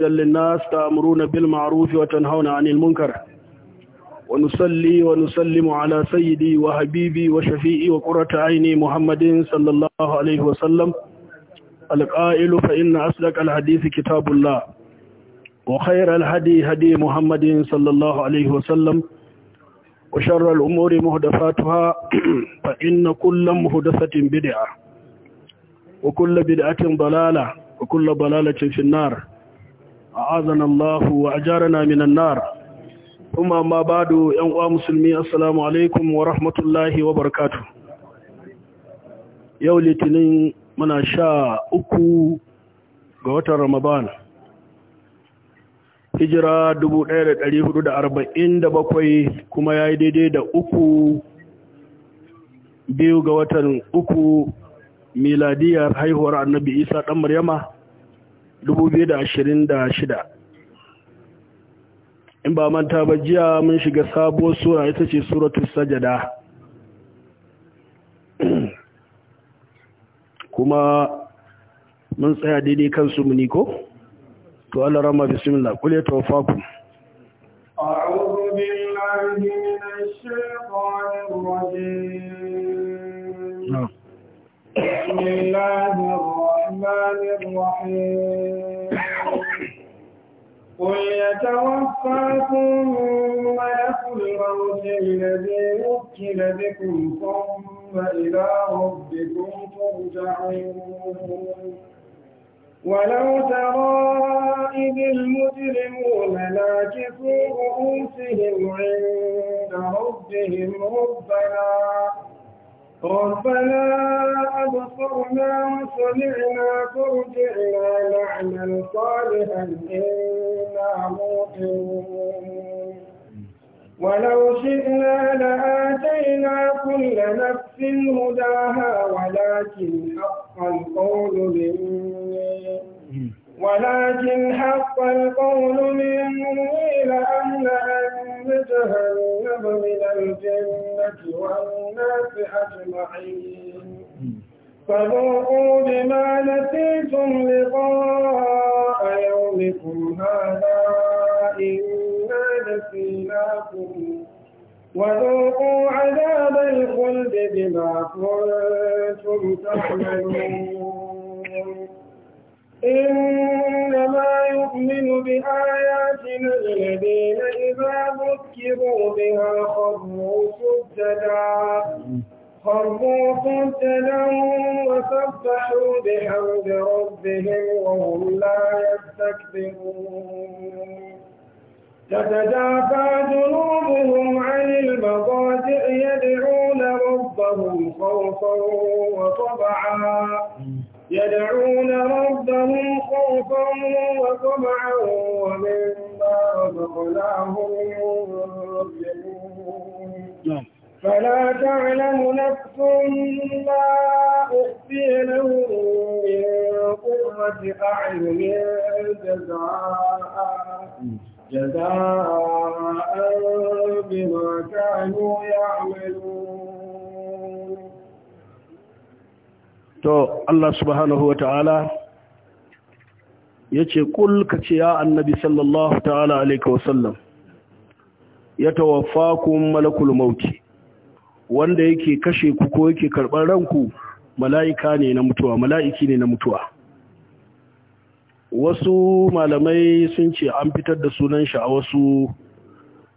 للناس تأمرون بالمعروف وتنهون عن المنكر ونصلي ونسلم على سيدي وحبيبي وشفيئي وقرة عيني محمد صلى الله عليه وسلم القائل فإن أسلك الحديث كتاب الله وخير الهدي هدي محمد صلى الله عليه وسلم وشر الأمور مهدفاتها فإن كل مهدفة بدعة وكل بدعة ضلالة وكل ضلالة في النار a'azana Allah wa ajarana minan nar kuma ma bado yan uwa musulmi assalamu alaikum wa rahmatullahi wa barakatuh yau litinin muna sha uku ga watan ramadan hijira 1447 kuma ya yi daidai da uku biyu ga watan uku miladiyar haihuwar annabi isa ɗan maryama 2026 in ba manta ba jiya mun shiga sabuwar sura ita ce suratul sajada kuma mun tsaya daidai kansu muni ko to Allah rama bismillah qul ya tawaffakum a'udhu billahi minash shaitanir rajim bismillahir الرحمن الرحيم قل يتوفاكم ملك الموت الذي وكل بكم ثم إلى ربكم ترجعون ولو ترى إذ المجرمون لا كفوا رؤوسهم عند ربهم ربنا ربنا أبصرنا وسمعنا فارجعنا نعمل صالحا إنا موقنون ولو شئنا لآتينا كل نفس هداها ولكن حق القول مني ولكن حق القول مني لأملأن جهنم من الجنة والناس أجمعين فذوقوا بما نسيتم لقاء يومكم هذا إنا نسيناكم وذوقوا عذاب الخلد بما كنتم تعملون إنما يؤمن بآياتنا الذين إذا ذكروا بها خروا سجدا خروا سجدا وسبحوا بحمد ربهم وهم لا يستكبرون تتجافى جنوبهم عن المضاجع يدعون ربهم خوفا وطبعا يدعون ربهم خوفا وطمعا ومما رزقناهم ينفقون نعم. فلا تعلم نفس ما أخفي لهم من قرة أعين جزاء جزاء بما كانوا يعملون to Allah subhanahu ta’ala ya ce ƙul ka ce ya annabi sallallahu ta'ala alaika wasallam ya kun malakul mauti wanda yake kashe ku ko yake karɓar ranku mala'ika ne na mutuwa mala'iki ne na mutuwa wasu malamai sun ce an fitar da sunan shi a wasu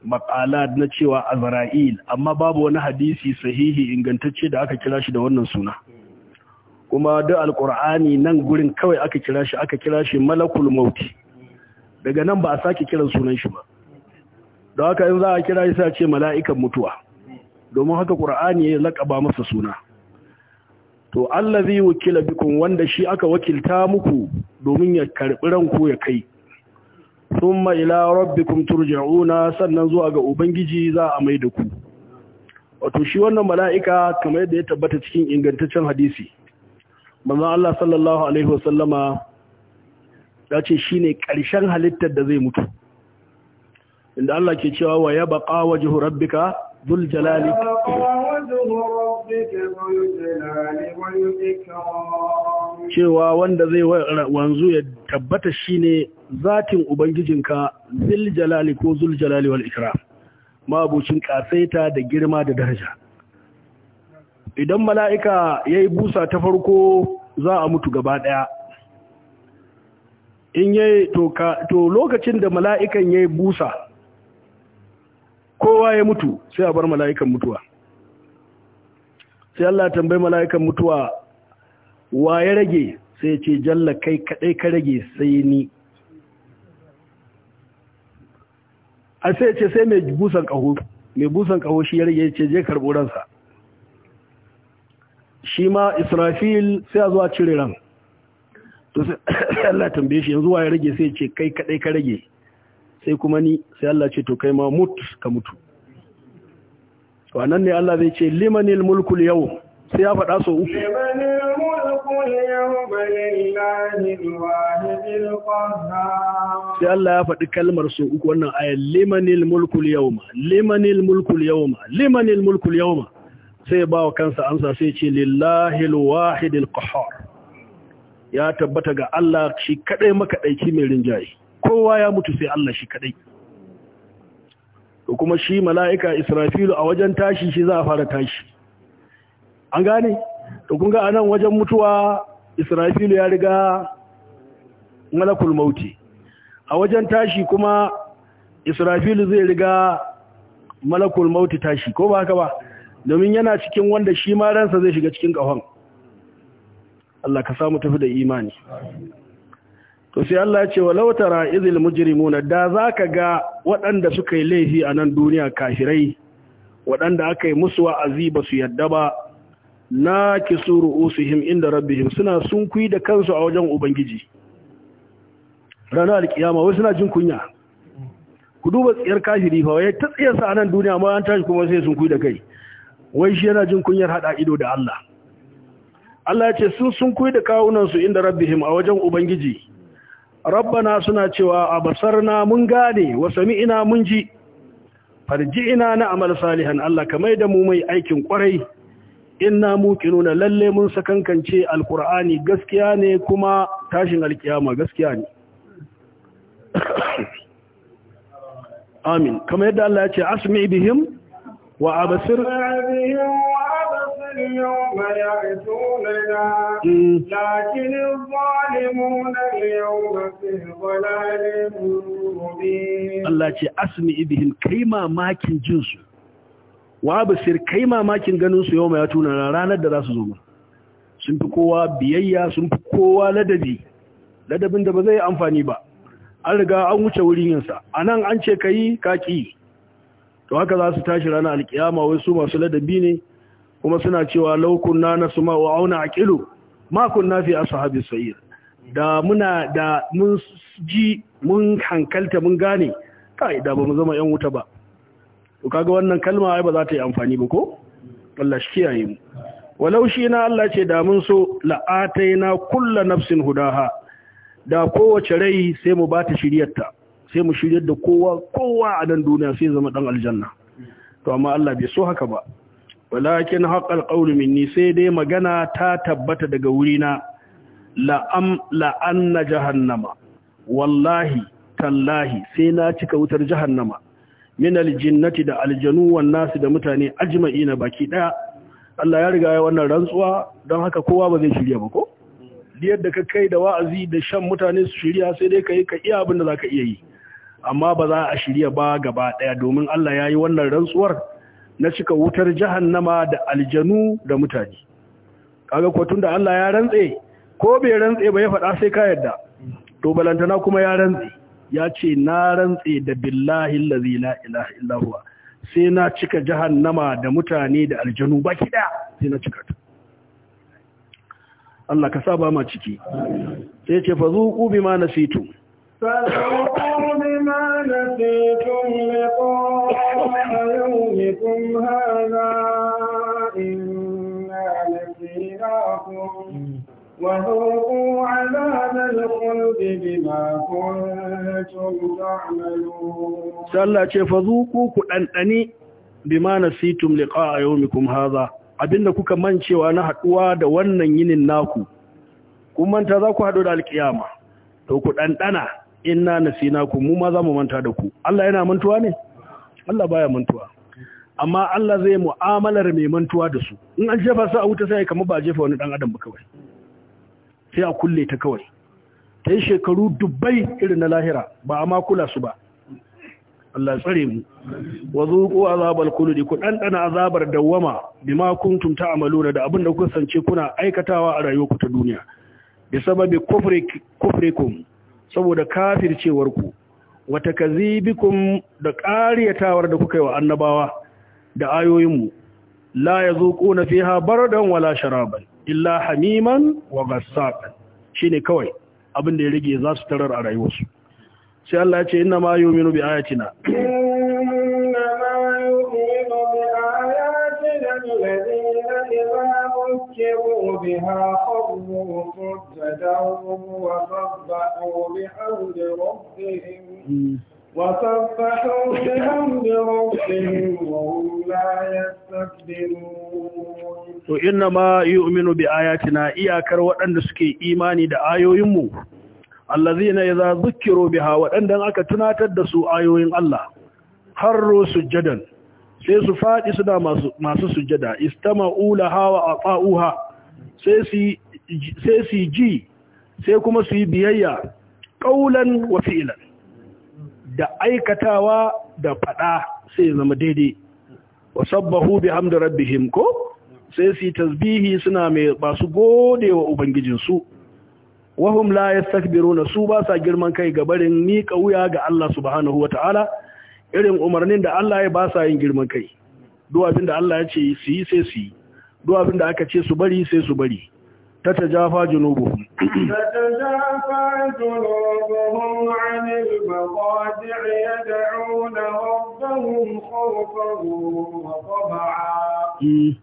maƙala na cewa azra'il amma babu wani hadisi sahihi ingantacce da aka kira shi da wannan suna kuma da alkur'ani nan gurin kawai aka kira shi aka kira shi malakul mauti daga nan ba a sake kiran sunan shi ba da haka in za a kira shi sai ce mala'ikan mutuwa domin haka qur'ani ya lakaba masa suna to Allah allazi wakila bikum wanda shi aka wakilta muku domin ya karɓi ranku ya kai thumma ila rabbikum turja'una sannan zuwa ga ubangiji za a mai da ku wato shi wannan mala'ika kamar yadda ya tabbata cikin ingantaccen hadisi manzon Allah sallallahu alaihi wasallama ya ce shine ƙarshen halittar da zai mutu inda Allah ke cewa wa ya baqa wajhu rabbika dhul jalali cewa wanda zai wanzu ya tabbata shine zatin ubangijinka zul jalali ko zul jalali wal ikram mabucin ƙasaita da girma da daraja idan mala'ika ya yi busa ta farko za a mutu gaba ɗaya in yi to lokacin da mala'ikan ya yi busa kowa ya mutu sai a bar mala'ikan mutuwa sai Allah tambayi mala'ikan mutuwa wa ya rage sai ce jalla kai kaɗai ka rage sai ni a sai ce sai mai busan ƙaho mai busan ƙaho shi ya rage ce je karɓo ransa shi ma israfil sai a zuwa cire ran to sai Allah tambaye shi yanzu waye rage sai ce kai kadai ka rage sai kuma ni sai Allah ce to kai ma mut ka mutu to anan ne Allah zai ce limanil mulku yau sai ya faɗa so uku limanil mulku yawma lillahi alwahidil qahhar sai Allah ya faɗi kalmar so uku wannan ayat limanil mulku yawma limanil mulku yawma limanil mulku yawma sai ba wa kansa amsa sai ce lillahi alwahidil qahhar ya tabbata ga Allah shi kadai makadaici mai rinjaye kowa ya mutu sai Allah shi kadai To kuma shi mala'ika Israfilu a wajen tashi shi za a fara tashi an gane to kun ga anan wajen mutuwa Israfilu ya riga malakul mauti a wajen tashi kuma Israfilu zai riga malakul mauti tashi ko ba haka ba domin yana cikin wanda shi ma ransa zai shiga cikin ƙahon Allah ka samu tafi da imani to sai Allah ya ce walau tara izil mujrimuna da zaka ga waɗanda suka yi laifi a nan duniya kafirai waɗanda aka yi musu wa'azi ba su yadda ba na kisu ru'usihim inda rabbihim suna sunkui da kansu a wajen ubangiji ranar alkiyama wai suna jin kunya ku duba tsiyar kafiri fa wai ta tsiyarsa a nan duniya ma an tashi kuma sai sun da kai wai shi yana jin kunyar haɗa ido da Allah Allah ya ce sun sun kuyi da kawunansu inda rabbihim a wajen ubangiji rabbana suna cewa a basarna mun gane wa sami'ina mun ji farji'ina na amal salihan Allah kamar da mu mai aikin kwarai inna muqinuna lalle mun sakankance alqur'ani gaskiya ne kuma tashin alkiyama gaskiya ne amin kamar yadda Allah ya ce asmi bihim وأبصر يوم يعتوننا لكن الظالمون اليوم في ضلال مبين الله ce asmi ibihim kai mamakin jinsu wa basir kai mamakin ganin su yau tuna ranar da za su zo sun fi kowa biyayya sun fi kowa ladabi ladabin da ba zai amfani ba an riga an wuce wurin yinsa anan an ce kai kaki to haka za su tashi ranar alkiyama wai su masu ladabi ne kuma suna cewa laukun na na su auna a kilo makon na fi ashabi sayir da muna da mun ji mun hankalta mun gane kai da ba mu zama yan wuta ba to kaga wannan kalma ai ba za ta yi amfani ba ko Allah shi kiyaye mu walau shi na Allah ce da mun so la'ataina kullu nafsin hudaha da kowace rai sai mu ba ta shiryarta sai mu shirya da kowa kowa a nan duniya sai zama dan aljanna to amma Allah bai so haka ba walakin haqqal qawlu minni sai dai magana ta tabbata daga wurina la am la anna jahannama wallahi tallahi sai na cika wutar jahannama min aljinnati da aljanu wan nasu da mutane na baki daya Allah ya riga ya wannan rantsuwa don haka kowa ba zai shirya ba ko yadda ka kai da wa'azi da shan mutane su shirya sai dai ka yi ka iya abin da ka iya yi amma ba za a shirya ba gaba ɗaya domin Allah ya yi wannan rantsuwar na cika wutar jahannama da aljanu da mutane kaga ko da Allah ya rantse ko bai rantse ba ya faɗa sai ka yadda to balantana kuma ya rantse ya ce na rantse da billahi allazi la ilaha illahuwa, sai na cika jahannama da mutane da aljanu baki ɗaya, sai na cika ta Allah ka sa ba ma ciki sai ya ce fazuqu bima nasitu فذوقوا بما نسيتم لقاء يومكم هذا إنا نسيناكم وذوقوا عذاب الخلد بما كنتم تعملون سألة كأنني abinda kuka mancewa na haɗuwa da wannan yinin naku kun manta za ku hadu da alkiyama to ku ɗanɗana. inna nasinakum mu ma za mu manta da ku Allah yana mantuwa ne Allah baya mantuwa amma Allah zai mu'amalar mai mantuwa da su in an jefa su a wuta sai kamar ba jefa wani dan adam ba kawai sai a kulle ta kawai ta yi shekaru dubbai irin na lahira ba a makula su ba Allah tsare mu wa zuqu azabal khuldi ku ɗanɗana azabar dawwama bima kuntum ta'maluna da abin da kuka sance kuna aikatawa a rayuwarku ta duniya bi sababi kufrikum saboda kafircewarku wata kun da ƙaryatawar da kuka yi wa annabawa da ayoyinmu la ya zo zuƙo na fiha don wala sharaban illa hamiman wa Shi ne kawai abin da ya rage za su tarar a rayuwarsu sai Allah ya ce ina ma yu'minu bi ayatina inna ma yu'minu bi ayatina فذكروا بها خروا سجدا وسبحوا بحمد ربهم وسبحوا بحمد ربهم وهم لا يستكبرون to innama yu'minu bi ayatina iyakar waɗanda suke imani da ayoyinmu allazina idza zukkiru biha waɗanda aka tunatar da su ayoyin Allah harru sujjadan sai su faɗi suna masu sujada istama'u hawa a ata'uha sai su ji sai kuma su yi biyayya ƙaulan wa fi'ilan da aikatawa da faɗa sai zama daidai wa sabbahu bi hamdi rabbihim ko sai su tasbihi suna mai basu gode wa ubangijinsu wahum la yastakbiruna su ba sa girman kai ga barin miƙa wuya ga Allah subhanahu wata'ala irin umarnin da Allah ya ba sa yin girman kai duwafin da Allah ya ce su yi sai su yi duwafin da aka ce su bari sai su bari ta ta ja fa junubu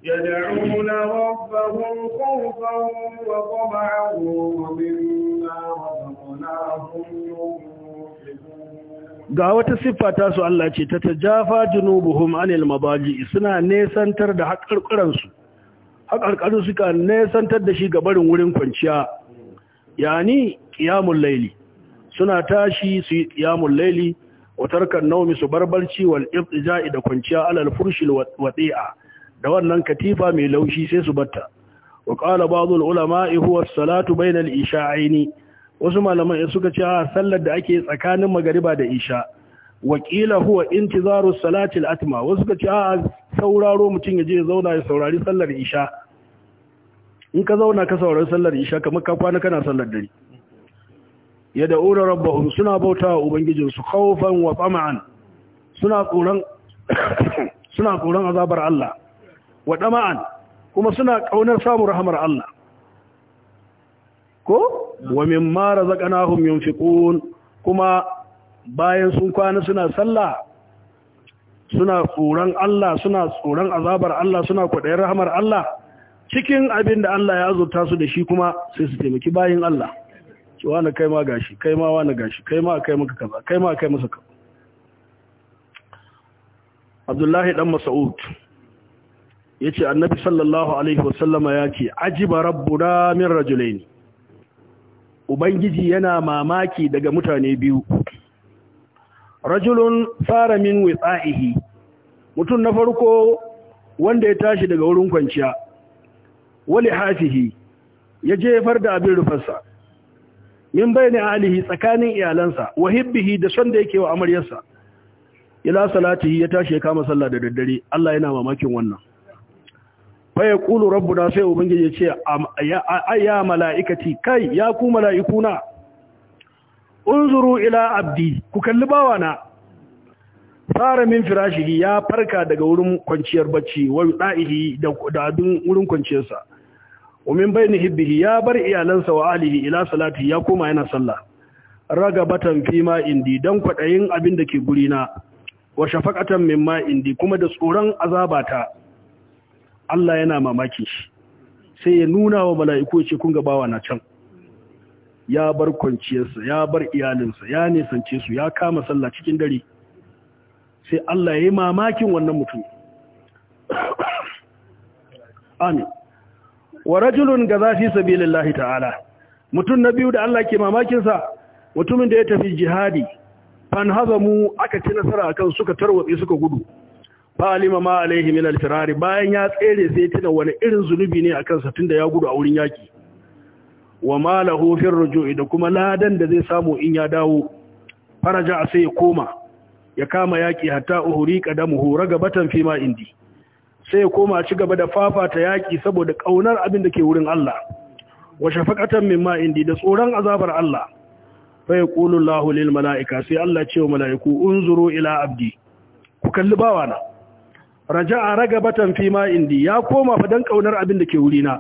يدعون ربهم خوفا ومما رزقناهم ينفقون ga wata siffa ta su Allah ce ta tajafa junubuhum anil mabaji suna nesantar da haƙarƙaransu su suka nesantar da shi ga barin wurin kwanciya yani qiyamul laili suna tashi su yi qiyamul laili wa tarkan nawmi su barbarci wal ibtija'i da kwanciya alal furshil wadi'a da wannan katifa mai laushi sai su batta wa qala ba'dul ulama'i huwa as-salatu bainal isha'aini wasu malaman in suka ce a ah, sallar da ake tsakanin magariba da isha wakila huwa intizaru salatil atma wasu suka ce a ah, sauraro mutum ya je ya zauna ya saurari sallar isha in ka zauna ka saurari sallar isha kamar ka kwana kana sallar dare ya ura rabbahum suna bauta wa su khawfan wa tama'an suna tsoron suna tsoron azabar Allah wa tama'an kuma suna kaunar samun rahmar Allah ko wa mimma razaqnahum yunfiqun kuma bayan sun kwana suna sallah suna tsoron Allah suna tsoron azabar Allah suna kwadayar rahamar Allah cikin abin da Allah ya azurta su da shi kuma sai su taimaki bayin Allah ce wani kai ma gashi kai ma wani gashi kai ma kai maka kaza kai ma kai masa kaza Abdullahi dan Mas'ud yace Annabi sallallahu alaihi wasallama yake ajiba rabbuna min rajulaini ubangiji yana mamaki daga mutane biyu rajulun fara min witsa'ihi mutum na farko wanda ya tashi daga wurin kwanciya wali hafihi ya jefar da abin rufarsa min bayani alihi tsakanin iyalansa wa da son da yake wa amaryarsa ila salatihi ya tashi ya kama sallah da daddare Allah yana mamakin wannan faya Rabbu rabbuna sai ubangiji ya ce ya mala'ikati kai ya ku mala'ikuna unzuru ila abdi ku kalli na fara min firashi ya farka daga wurin kwanciyar bacci wani ɗa’ihi da abin wurin kwanciyarsa umin ni hibbihi ya bar iyalansa wa alihi ila salati ya koma yana sallah Raga fi ma indi don kwaɗayin abin da ke gurina wa min ma indi kuma da tsoron azabata Allah yana mamakin shi sai ya nuna wa mala'iku ce kun gabawa na can ya bar kwanciyarsa ya bar iyalinsa ya nisance su ya kama sallah cikin dare sai Allah ya yi mamakin wannan mutum amin wa rajulun ga zafi sabilillahi ta'ala mutum na biyu da Allah ke mamakinsa mutumin da ya tafi jihadi fan hazamu aka ci nasara akan suka tarwaɓe suka gudu fa'alima ma alaihi min alfirari bayan ya tsere sai tuna wani irin zunubi ne akan satin tunda ya gudu a wurin yaki wa ma lahu fir ruju'i da kuma ladan da zai samu in ya dawo faraja sai ya koma ya kama yaki hatta uhuri qadamuhu ragabatan fi ma indi sai ya koma ci gaba da fafata yaki saboda kaunar abin da ke wurin Allah wa shafaqatan ma indi da tsoron azabar Allah fa yaqulu Allahu lil mala'ika sai Allah ce wa mala'iku unzuru ila abdi ku kalli bawana raja raga ragabatan fi ma indi ya koma fa dan kaunar abin da ke wurina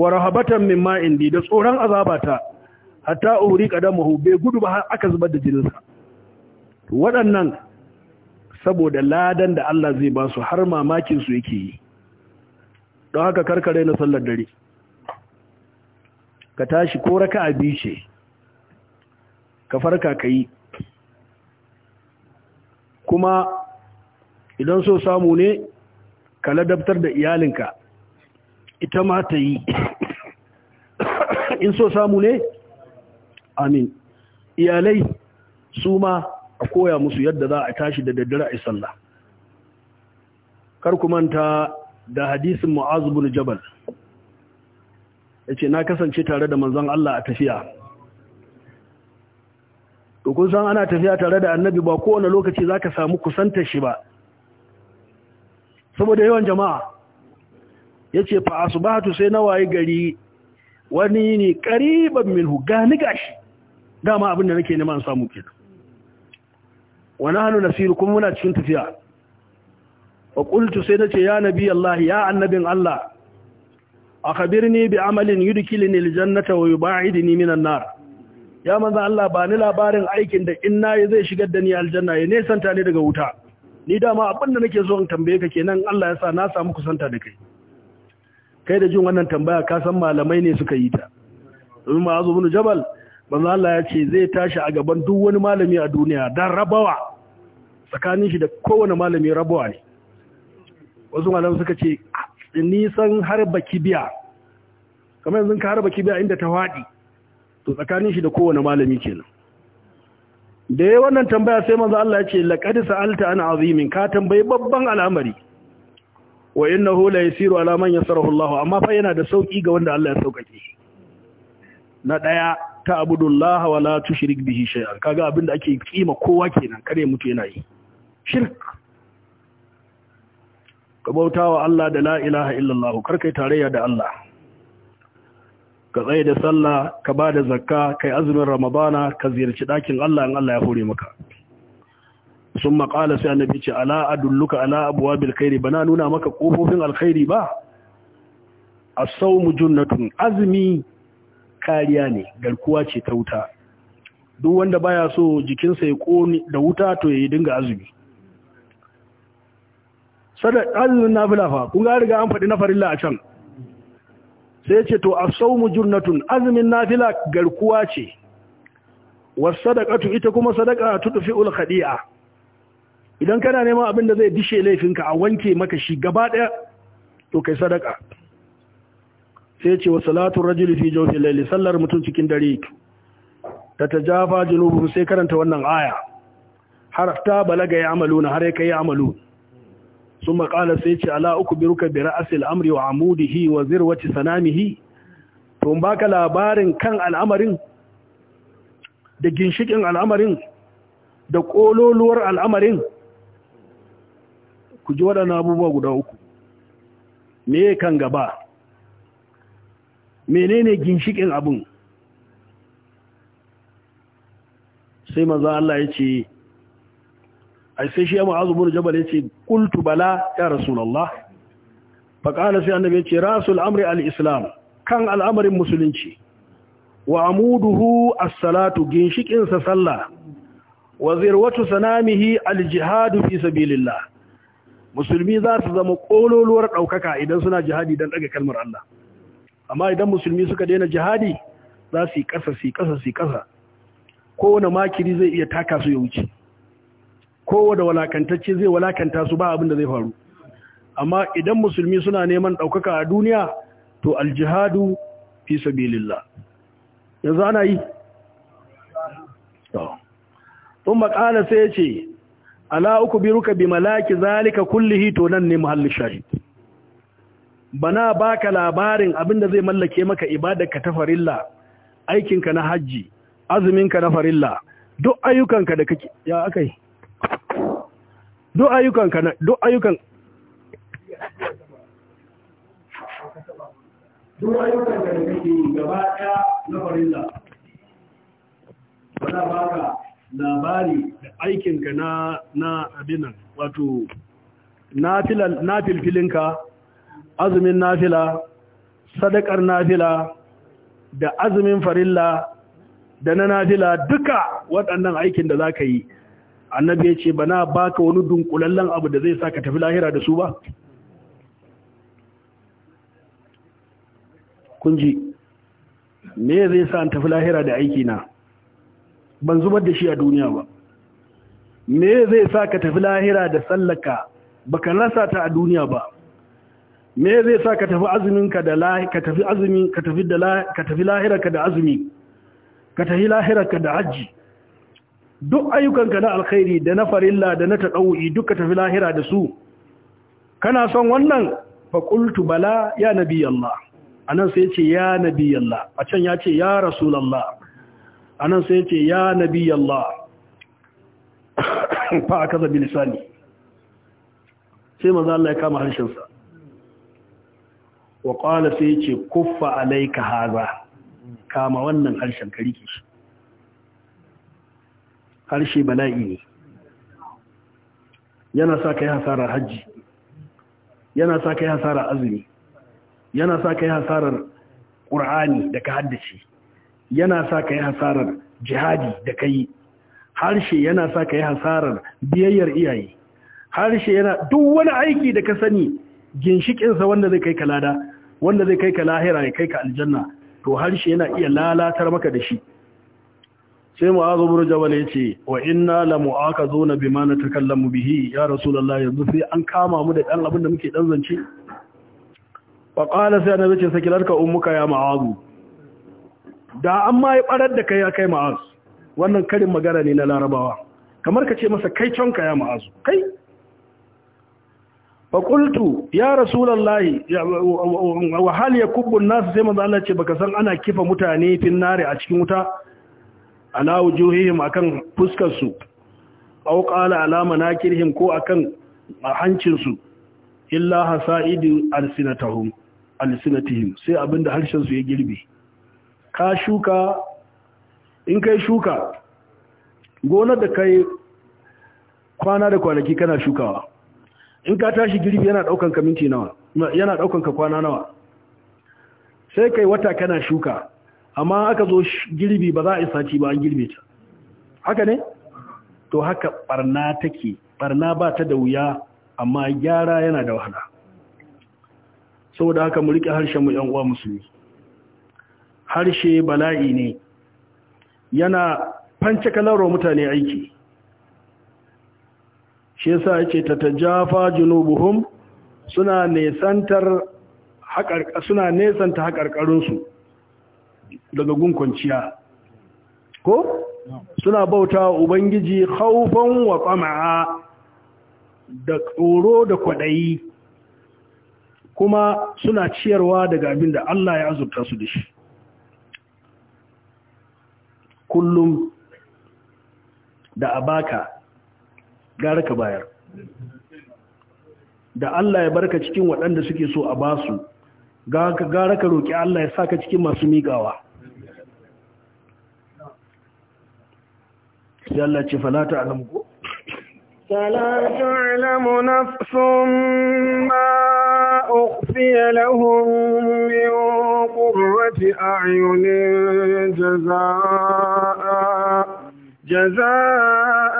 wa rahabatan min ma indi da tsoron azabata hatta uhri qadamuhu bai gudu ba har aka zubar da jininsa waɗannan saboda ladan da Allah zai ba su har mamakin su yake yi don haka karkare na sallar dare ka tashi ko raka a bice ka farka kai kuma idan so samu ne ka ladabtar da iyalinka ita ma ta yi in so samu ne amin iyalai su ma a koya musu yadda za a tashi da daddare a isalla kar ku manta da hadisin mu'az bin jabal yace na kasance tare da manzon Allah a tafiya to kun san ana tafiya tare da annabi ba kowane lokaci zaka samu kusantar shi ba saboda yawan jama'a ya yace fa asbahatu sai nawaye gari wani ne qariban milhu gani gashi dama abin da nake neman samu Wani hannu na siri kuma muna cikin tafiya a ƙultu sai ce ya nabi Allah ya annabin Allah akhbirni bi amalin ne lijannata wa ni minan nar ya manza Allah ba ni labarin aikin da in yi zai shigar da ni aljanna ya nesanta ni daga wuta ni dama abin da nake so in tambaye ka kenan Allah ya sa na samu kusanta da kai kai da jin wannan tambaya ka san malamai ne suka yi ta domin ma azubun jabal manzo Allah ya ce zai tashi a gaban duk wani malami a duniya dan rabawa tsakanin shi da kowane malami rabawa ne wasu malamai suka ce ah, ni san har baki biya. kamar yanzu ka har baki biya inda ta faɗi to tsakanin shi da kowane malami kenan da ya wannan tambaya sai manzo Allah ya ce laqad sa'alta an azimin ka tambayi babban al'amari wa innahu la yasiru ala man yasarahu Allah amma fa yana da sauki ga wanda Allah ya saukake na daya ta'budullaha wa la tushrik bihi shay'an kaga abinda ake kima kowa kenan kare mutu yana yi shirk ka bautawa Allah da la ilaha illallah karkai tarayya da Allah ka tsaye da sallah ka ba da zakka kai azumin ramadana ka ziyarci ɗakin Allah in Allah ya hore maka sun maƙala sai annabi ce ala adulluka ala abuwa bilkairi, ba na nuna maka ƙofofin alkhairi ba a sau mujunnatun azumi kariya ne garkuwa ce ta wuta duk wanda baya so jikinsa ya ƙone da wuta to ya yi dinga azumi sadar azumin nafila fa kun ga riga an faɗi na farilla a can sai ce to a mu sawmu jurnatun azumin nafila garkuwa ce sadaka tu, ita kuma sadaka sadaqa tudfi'ul khadi'a idan kana neman abin da zai dishe laifinka a wanke maka shi gaba ɗaya to kai sadaka sai ce wasu salatun rajuli fi jofi laili sallar mutum cikin dare ta tajafa junubuhum sai karanta wannan aya har ta balaga ya amalu na har kai ya amalu sun makala sai ce ala uku biruka bi ra'asil amri wa amudihi wa zirwati sanamihi to baka labarin kan al'amarin da ginshikin al'amarin da kololuwar al'amarin ku ji waɗannan abubuwa guda uku me kan gaba menene ginshikin abun sai maza Allah ya ce ai sai shi ya ma'azu bin jabal yace qultu bala ya rasulullah fa qala sai annabi yace rasul amri al-islam kan al'amarin musulunci wa amuduhu as-salatu ginshikin sa sallah wa zirwatu sanamihi al-jihad fi sabilillah musulmi za su zama kololuwar daukaka idan suna jihadi dan daga kalmar Allah amma idan musulmi suka daina jihadi za su yi kasa su yi kasa su yi kasa kowane makiri zai iya taka su ya wuce kowa da walakantacce zai walakanta su ba abin da zai faru amma idan musulmi suna neman ɗaukaka a duniya to aljihadu fi sabilillah yanzu ana yi tun makala sai ya ce ala uku ruka bi malaki zalika kullihi to nan ne muhallin shahid bana baka labarin abinda zai mallake maka ibadarka ta farilla aikinka na hajji azuminka na farilla duk ayyukanka da kake ya akai duk ayyukan ka duk ayyukan duk ayyukan ka da kake yi gaba ɗaya na farilla wanda ka labari da aikin ka na na abinan wato na filfilinka azumin nafila sadakar nafila da azumin farilla da na nafila duka waɗannan aikin da za ka yi annabi ya ce ba na baka wani dunkulallen abu da zai sa ka tafi lahira da su ba kunji me zai sa an tafi lahira da aiki na ban zubar da shi a duniya ba me zai sa ka tafi lahira da sallaka baka rasa ta a duniya ba me zai sa ka tafi azumin ka da ka tafi azumi ka tafi da ka tafi lahira ka da azumi ka tafi lahira ka da hajji duk ayyukanka na alkhairi da na farilla da na taɗa'u'i duka tafi lahira da su kana son wannan faƙultu bala ya nabi Allah a nan sai ce ya nabi Allah a can ya ce ya rasulallah a nan sai ce ya nabi Allah fa a kaza bilisani sai maza Allah ya kama harshensa wa ƙwala sai ce kuffa alaika haza kama wannan harshen ka rike shi harshe bala'i ne yana sa ka yi hasarar hajji yana sa ka yi hasarar azumi yana sa ka yi hasarar ƙur'ani da ka haddace yana sa ka yi hasarar jihadi da ka yi harshe yana sa ka yi hasarar biyayyar iyaye harshe yana duk wani aiki da ka sani ginshikinsa wanda zai kai ka lada wanda zai kai ka lahira ya kai ka aljanna to harshe yana iya lalatar maka da shi sai mu'azu bin jabal ce, wa inna la mu'akazuna bima na takallamu bihi ya rasulullah yanzu sai an kama mu da dan abin da muke dan zance fa qala sai annabi ce sakilarka ummuka ya mu'azu da an ma yi barar da kai ya kai mu'azu wannan karin magana ne na larabawa kamar ka ce masa kai canka ya mu'azu kai fa qultu ya rasulullah wa hal yakubbu an-nas sai manzo Allah ce baka san ana kifa mutane fin nare a cikin wuta ala wujuhihim akan fuskar su aw qala ala manakirhim ko akan hancin su illa hasaidu alsinatuhum alsinatuhum sai abinda harshen su ya girbe ka shuka in kai shuka gonar da kai kwana da kwanaki kana shukawa in ka tashi girbi yana daukan ka minti nawa yana daukan ka kwana nawa sai kai wata kana shuka amma aka zo girbi ba za a isa sati ba an girbe ta haka ne to haka barna take barna ba ta da wuya amma gyara yana da wahala saboda haka mu rike harshen mu yan uwa musulmi harshe bala'i ne yana fance kalarwa mutane aiki shi yasa ta tajafa junubuhum suna nesantar suna nesanta haƙarƙarun daga gun kwanciya ko suna bauta ubangiji khaufan wa tsama'a da tsoro da kwaɗayi kuma suna ciyarwa daga abin da Allah ya azurta su da shi kullum da abaka gara ka bayar da Allah ya barka cikin waɗanda suke so a basu gara ka roƙi Allah ya saka cikin masu miƙawa يلا Allah ce تعلم فلا تعلم نفس ما أخفي لهم من قرة أعين جزاء جزاء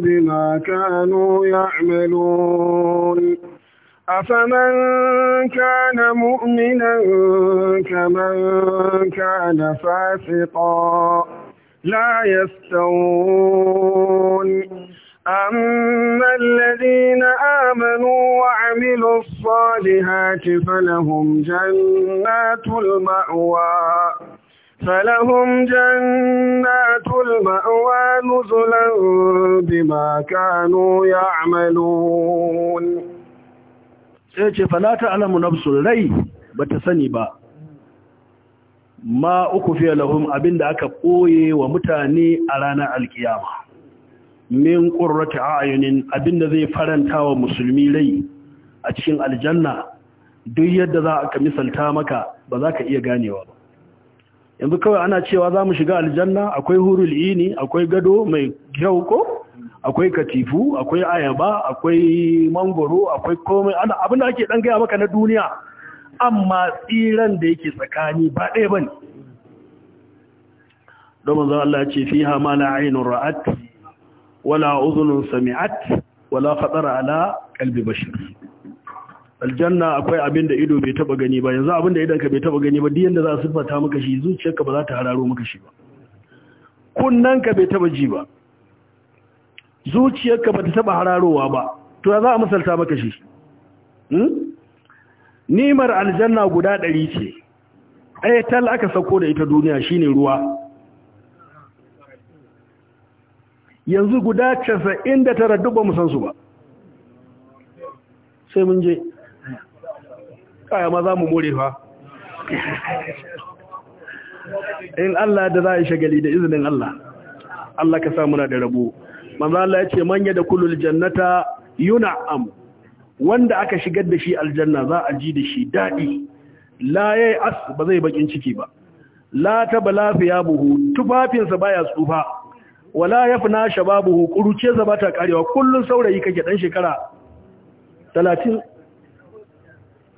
بما كانوا يعملون أفمن كان مؤمنا كمن كان فاسقا لا يستوون أما الذين آمنوا وعملوا الصالحات فلهم جنات المأوى فلهم جنات المأوى نزلا بما كانوا يعملون sai فلا تعلم نفس nafsul rai bata ma uku fiye lahum da aka koye wa mutane a ranar alkiyama min ƙurrati ayunin da zai faranta wa musulmi rai a cikin aljanna duk yadda za ka misalta maka ba za ka iya ganewa ba yanzu kawai ana cewa za mu shiga aljanna akwai hurul ini akwai gado mai kyau ko akwai katifu akwai ayaba akwai mangoro akwai komai abin da ake ɗan gaya maka na duniya amma tsiran da yake tsakani ba ɗaya ba ne domin zan Allah ce fi hama la ainihin ra'at wala uzunin sami'at wala fatsara ala kalbi bashir aljanna akwai abin da ido bai taɓa gani ba yanzu abin da idanka bai taɓa gani ba duk yadda za su fata maka shi zuciyarka ba za ta hararo maka shi ba kunnanka bai taɓa ji ba zuciyarka ba ta taba hararowa ba to za a misalta maka shi hmm? nimar aljanna guda ɗari ce ɗaya tal aka sako da ita duniya shine ruwa yanzu guda casa inda tara duk ba san su ba sai mun je kaya ma za mu more fa in Allah da za a yi shagali da izinin Allah Allah ka sa muna da rabo manzo Allah ya ce manya da kullul jannata yuna'am wanda aka shigar da shi aljanna za a ji da shi daɗi la as ba zai bakin ciki ba la taba lafiya buhu tufafinsa baya tsufa wala yafna shababuhu kuruce za ta karewa kullun saurayi kake dan shekara 30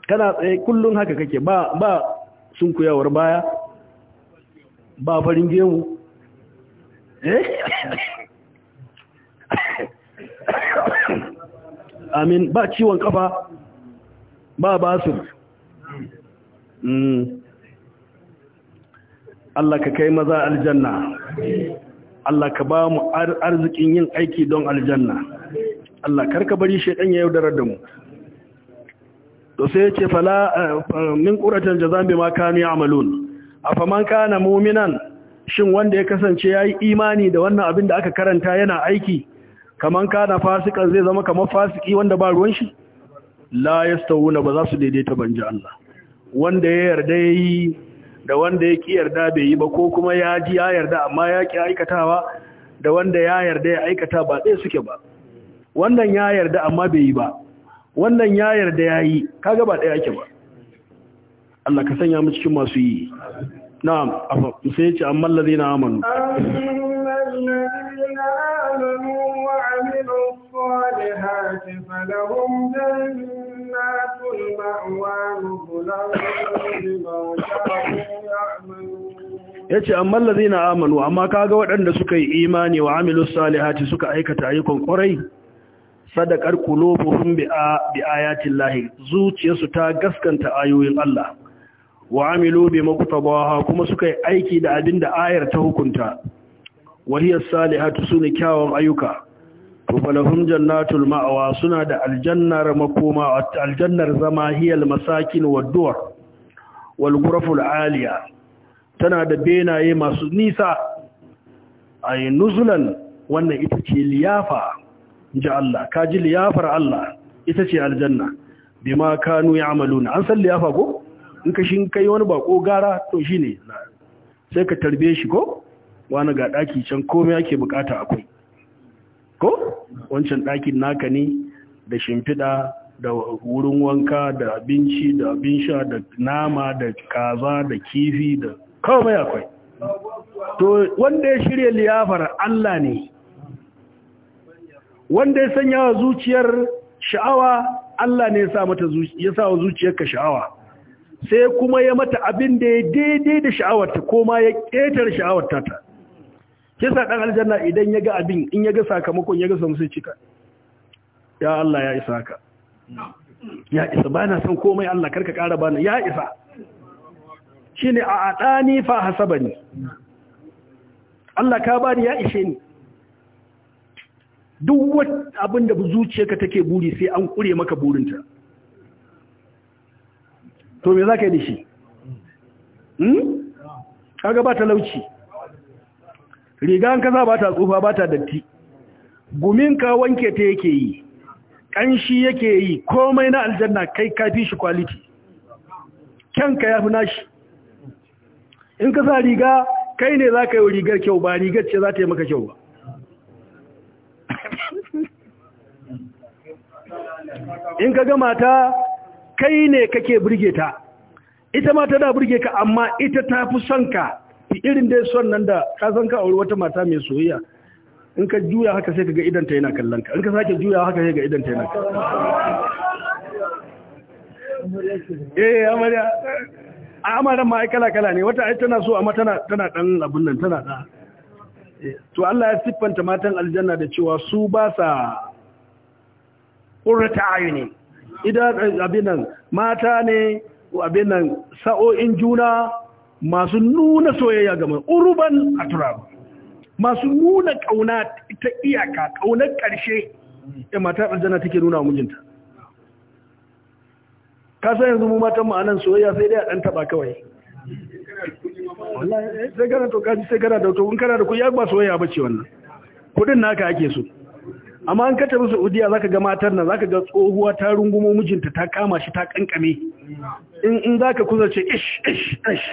kana tsaye kullun haka kake ba ba sunkuyawar baya ba farin gemu eh amin ba ciwon kafa ba basir hmm. Allah ka kai maza aljanna Allah ka ba mu arzikin yin aiki don aljanna Allah karka bari shaidan ya yaudara da mu to sai yace fala eh, min quratan jazan ma kanu ya'malun afaman kana mu'minan shin wanda ya kasance yayi imani da wannan abin da aka karanta yana aiki kaman ka na fasikan zai zama kamar fasiki wanda ba ruwan shi la yastawuna ba za su daidaita banji Allah wanda ya yarda yayi da wanda ya ki yarda bai yi ba ko kuma ya ji ya yarda amma ya ki aikatawa da wanda ya yarda ya aikata ba ɗaya suke ba wannan ya yarda amma bai yi ba wannan ya yarda ya yi kaga ba ɗaya ake ba Allah ka sanya mu cikin masu yi na'am sai ya ce amma allazina allazina amanu الصالحات فلهم جنات المأوى نزلا بما كانوا ya amma allazina amanu amma kaga waɗanda suka yi imani wa amilus salihati suka aikata ayyukan ƙwarai sadakar qulubuhum bi ayatin lahi zuciyarsu ta gaskanta ayoyin Allah wa amilu bi maqtabaha kuma suka yi aiki da abinda ayar ta hukunta wa hiya salihatu sunu kyawun ayyuka to falahum jannatul ma'awa suna da aljannar makoma aljannar zama hiyar masakin wadduwar wal aliya tana da benaye masu nisa ay nuzulan wannan ita ce liyafa ji Allah kaji liyafar Allah ita ce aljanna bima kanu ya'maluna an san liyafa ko in ka shin kai wani bako gara to shine sai ka tarbe shi ko wani ga daki can komai yake bukata akwai ko wancan ɗakin naka ne da shimfiɗa da wurin wanka da abinci da abin sha da nama da kaza da kifi da kawai akwai to wanda ya shirya liyafar Allah ne wanda ya sanya wa zuciyar sha'awa Allah ne ya sa wa zuciyar ka sha'awa sai kuma ya mata abin da ya daidai da sha'awarta ko ma ya ƙetar sha'awarta ta kisa ɗan aljanna idan ya ga abin in ya ga sakamakon ya ga samu cika ya Allah ya isa ka ya isa ba na son komai Allah karka ƙara ba ya isa shi ne a ɗani fa hasaba ne Allah ka ba ya ishe ni duk wata abin da zuciyarka take buri sai an ƙure maka burinta to me za ka yi da shi? ƙaga hmm? ba talauci riga an kasa ba ta tsufa ba ta datti ka wanke ta yake yi ƙanshi yake yi komai na aljanna kai kafi shi kwaliti kyanka ya fi nashi in ka sa riga kai ne za ka yi rigar kyau ba rigar ce za ta yi maka kyau ba in ka ga mata kai ne kake burge ta ita ma da burge ka amma ita ta fi son ka irin dai son nan da ka san ka auri wata mata mai soyayya in ka juya haka sai ka ga ta yana kallon ka in ka sake juya haka sai ga ta yana kallon eh amarya amarya ma ai kala kala ne wata ai tana so amma tana tana dan abun nan tana da eh, to Allah ya siffanta matan aljanna da cewa su ba sa qurrata ayuni idan eh, abin nan mata ne abin nan sa'o'in juna masu nuna soyayya ga mai urban aturabu masu nuna kauna ta iyaka kaunar ƙarshe ya mata jana take nuna wa mijinta ka san yanzu mu matan mu anan soyayya sai dai a dan taba kawai wallahi eh, sai kana to kaji sai kana da to in kana da ku ya ba soyayya bace wannan kudin naka ake so amma an ka tafi za zaka ga matar nan zaka ga tsohuwa ta rungumo mijinta ta kama shi ta kankame in in zaka kusa ce ish ish ish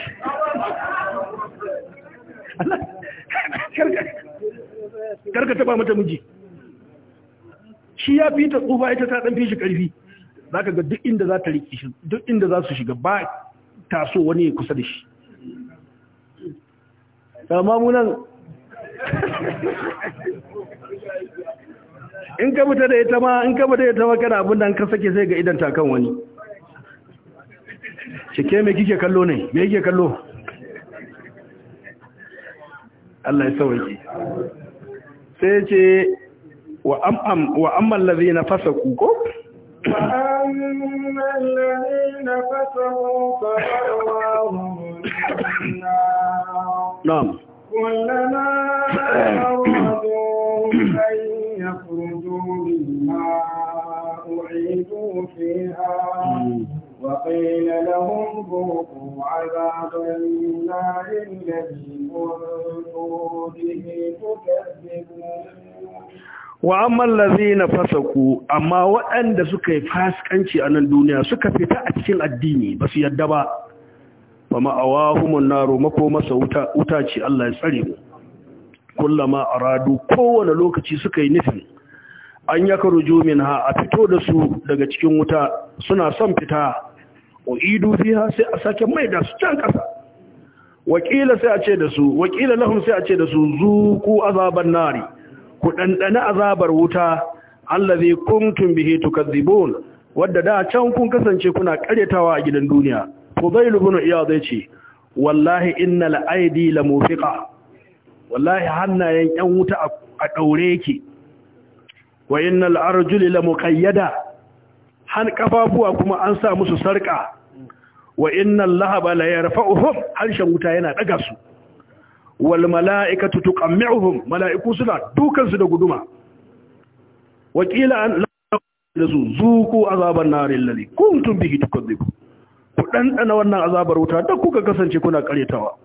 karka taba mata miji shi ya fi ta tsufa ita ta dan fi shi karfi zaka ga duk inda za ta riki shi duk inda za su shiga ba taso wani ya kusa da shi amma munan in ka fita da ita ma in ka fita da ita ma kana abin da ka sake sai ga idan ta kan wani cike me kike kallo ne me kike kallo Allah ya sauke sai ce wa am'am wa amman ladhina fasaku ko وأما الذين فسقوا فأواهم أعيدوا فيها وقيل لهم ذوقوا النار الذي كنتم به تكذبون wa amman fasaku amma waɗanda suka yi fasikanci a nan duniya suka fita a cikin addini ba su yadda ba ba ma'awahumun naro mako masa wuta ce Allah ya tsare mu kullama aradu kowane lokaci suka yi nufin an yaka rujumin ha a fito da su daga cikin wuta suna son fita wa idu fiha sai a sake mai da su can kasa wakila sai a ce da su wakila lahum sai a ce da su zuku azaban nari ku dandana azabar wuta allazi kuntum bihi tukadzibun wadda da can kun kasance kuna karyatawa a gidan duniya fudail ibn iyad ce. wallahi innal aidi lamufiqa wallahi hannayen yan wuta a daure yake wa innal arjuli la muqayyada han ƙafafuwa kuma an sa musu sarƙa. wa innal lahaba la yarfa'uhum harshen wuta yana ɗaga su wal mai tuqammi'uhum mala'iku suna dukan su da guduma Wakila qila an da su zuku azaban nar allazi kuntum bihi tukazzibu ku dandana wannan azabar wuta da kuka kasance kuna karetawa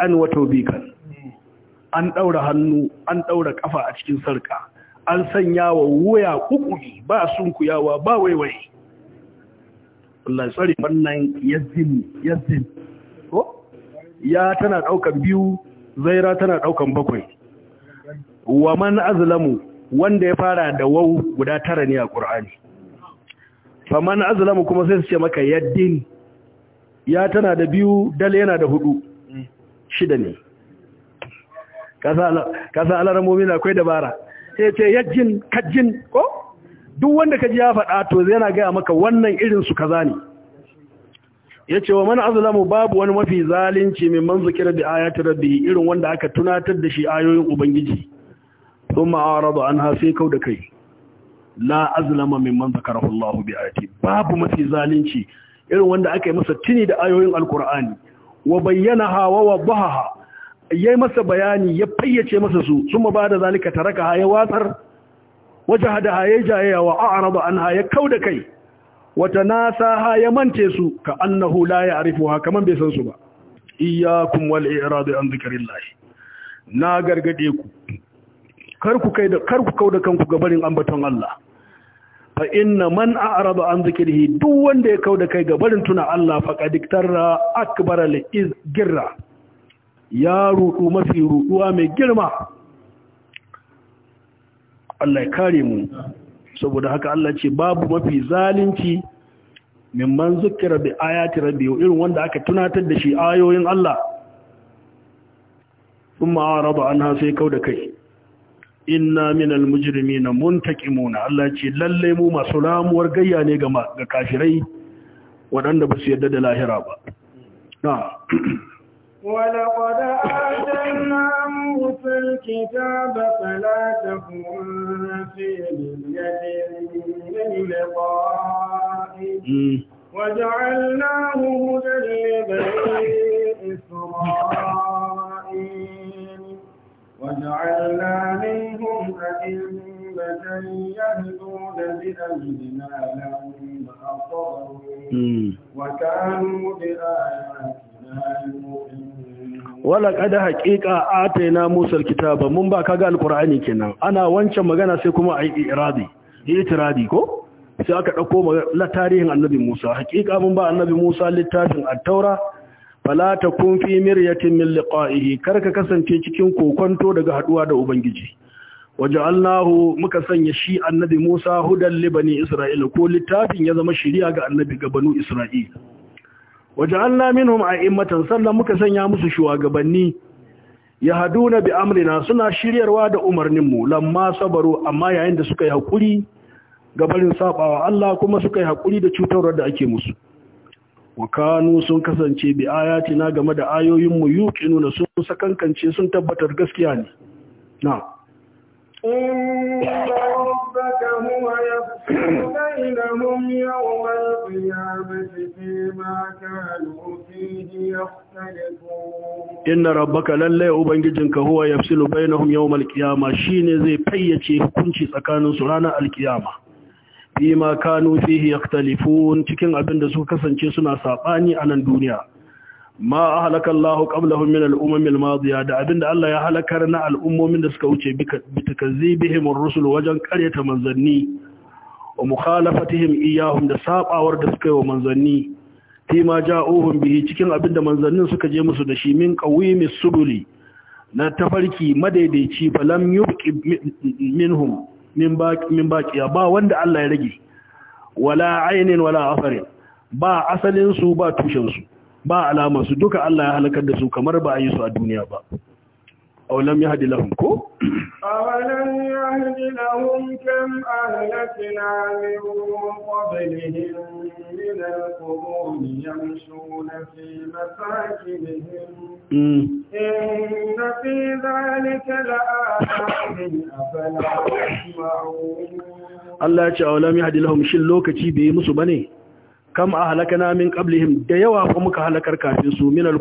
an wa tawbikan an ɗaura hannu an ɗaura ƙafa a cikin sarka an sanya wa wuya kukuri ba sunkuyawa ba waiwai Allah tsari wannan yazzin yazzin ko ya tana ɗaukan biyu zaira tana ɗaukan bakwai wa man azlamu wanda ya fara da wau guda tara ne a ƙur'ani man azlamu kuma sai su ce maka yaddin ya tana da biyu dal yana da hudu shida ne kasa alaramomi na akwai dabara sai ce yajin kajin ko duk wanda kaji ya faɗa to yana gaya maka wannan irin su kaza ne ya ce wa mana azulamu babu wani mafi zalunci mai man zukira da ayatar rabbi irin wanda aka tunatar da shi ayoyin ubangiji sun ma'awara da an hafi kau da kai la azulama min man zakarahu Allah bi ayati babu mafi zalunci irin wanda aka yi masa tuni da ayoyin alkur'ani wa bayyana hawa wa buhaha yayi masa bayani ya fayyace masa su ba bada zalika taraka ya watsar wajahada ha yayi jayaya wa a'rada anha ya kauda kai wata nasa ha ya mance su ka annahu la ya'rifuha kaman bai san su ba iyyakum wal i'rad an dhikrillah na gargade ku kar ku kai da kar ku kauda kanku ga barin ambaton Allah fa inna man a'rada an zikrihi duk wanda ya kauda kai ga barin tuna Allah faqad iktara akbara li izgirra ya ruku mafi rukuwa mai girma Allah ya kare mu saboda haka Allah ce babu mafi zalunci man zukira bi ayati rabbi irin wanda aka tunatar da shi ayoyin Allah kuma araba anha sai kauda da kai inna minal mujrimina muntakimuna Allah ce lalle mu masu ramuwar gayya ne ga kafirai waɗanda ba su yarda da lahira ba na'am ولقد آتينا موسى الكتاب فلا تكن في مرية من لقائه وجعلناه هدى لبني إسرائيل وجعلنا منهم أئمة يهدون بأمرنا لما صبروا وكانوا بآياتنا wala kada haƙiƙa ataina Musa alkitaba mun ba kaga alqur'ani kenan ana wancan magana sai kuma ai iradi itiradi ko sai aka dauko la tarihin annabi Musa haƙiƙa mun ba annabi Musa littafin at-taura fala takun fi miryatin min liqa'ihi karka kasance cikin kokonto daga haduwa da ubangiji waja'alnahu muka sanya shi annabi Musa hudan libani Isra'ila ko littafin ya zama shiriya ga annabi ga banu Isra'ila waj'alna minhum a'immatan sallan muka sanya musu shugabanni yahduna bi amrina suna shiryarwa da umarnin mu lamma sabaru amma yayin da suka yi hakuri gabarin sabawa Allah kuma suka yi hakuri da cutarwar da ake musu wa sun kasance bi ayatina game da ayoyin mu na sun sakankance sun tabbatar gaskiya ne na إن ربك هو يفصل بينهم يوم inna rabbaka lallai Ubangijin ubangijinka huwa yafsilu bainahum yawmal qiyama shine zai fayyace hukunci tsakanin su ranar alkiyama bima kanu fihi yaktalifun cikin abinda suka kasance suna sabani a nan duniya ma ahlaka Allahu qablahum min al-umam al-madiya da abinda Allah ya halakar na al'ummomin da suka wuce bi takazzibihim ar-rusul wajan qaryatan manzanni wa mukhalafatihim iyyahum da sabawar da suka yi wa manzanni fi ma ja'uhum bihi cikin abin da manzannin suka je musu da shi min qawimi subuli na tafarki madaidaici falam yubqi minhum min baqi ba wanda Allah ya rage wala ainihin wala afarin ba asalinsu ba tushensu, ba alamarsu su duka Allah ya halakar da su kamar ba a yi su a duniya ba أولم يهدي لهم كو أولم يهدي لهم كم أهلكنا من قبلهم من القرون يمشون في مساكنهم إن في ذلك أفلا Allah ya ce a walami hadi lahum shi lokaci bai yi musu ba ne, kam a halakana min ƙablihim da yawa ko muka halakar kafin su minal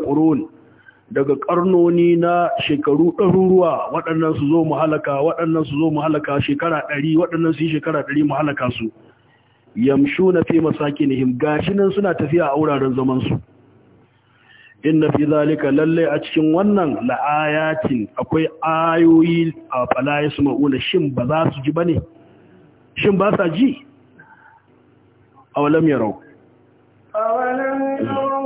daga karnoni na shekaru ɗaruruwa waɗannan su zo mu halaka waɗannan su zo mu halaka shekara ɗari waɗannan su yi shekara ɗari mu halaka su yamshu na fi masakinihim gashi nan suna tafiya a wuraren zamansu inna fi zalika lallai a cikin wannan la'ayatin akwai ayoyi a su ma'una, shin ba za su ji ba ne? shin ba sa ji awalam yarau awalam yarau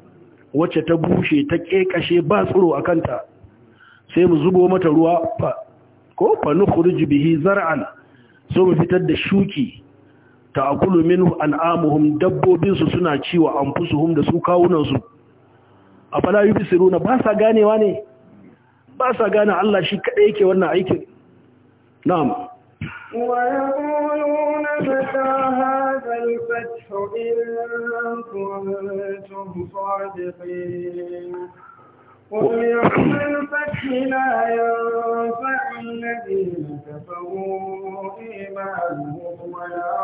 wacce ta bushe ta kekashe ba tsoro a kanta sai mu zubo mata ruwa fa, ko fanu khuruj bihi zar'an so mu fitar da shuki ta akulu minhu an'amuhum dabbobin su suna ciwa anfusuhum da su kawunan su A afala yubsiruna ba sa ganewa ne ba sa gane Allah shi kadai yake wannan aikin na'am wa yaquluna fataha الفتح إن كنتم صادقين قل يوم الفتح لا ينفع الذين كفروا إيمانهم ولا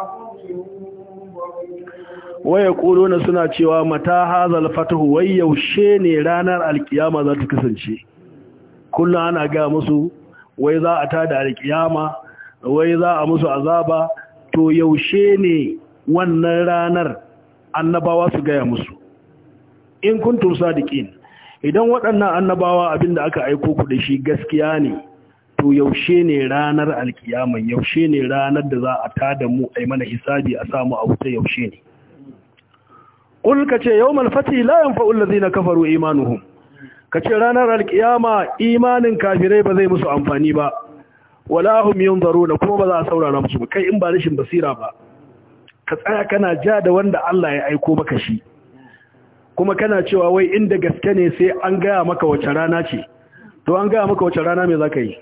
waya ƙuluna suna cewa mata hazal fatahu wai yaushe ne ranar alkiyama za ta kasance kullum ana ga musu wai za a tada alkiyama wai za a musu azaba to yaushe ne wannan ranar annabawa su gaya musu in kuntum sadiqin idan waɗannan annabawa abin da aka aiko ku da shi gaskiya ne to yaushe ne ranar alkiyama yaushe ne ranar da za a tada mu ai mana hisabi a samu a wuta yaushe ne qul kace yawmal fati la yanfa'u allazina kafaru imanuhum kace ranar alkiyama imanin kafirai ba zai musu amfani ba wala hum da kuma ba za a saurara musu kai in ba rashin basira ba ka tsaya kana ja da wanda Allah ya aiko maka shi kuma kana cewa wai inda gaske ne sai an gaya maka wace rana ce to an gaya maka wace rana mai za ka yi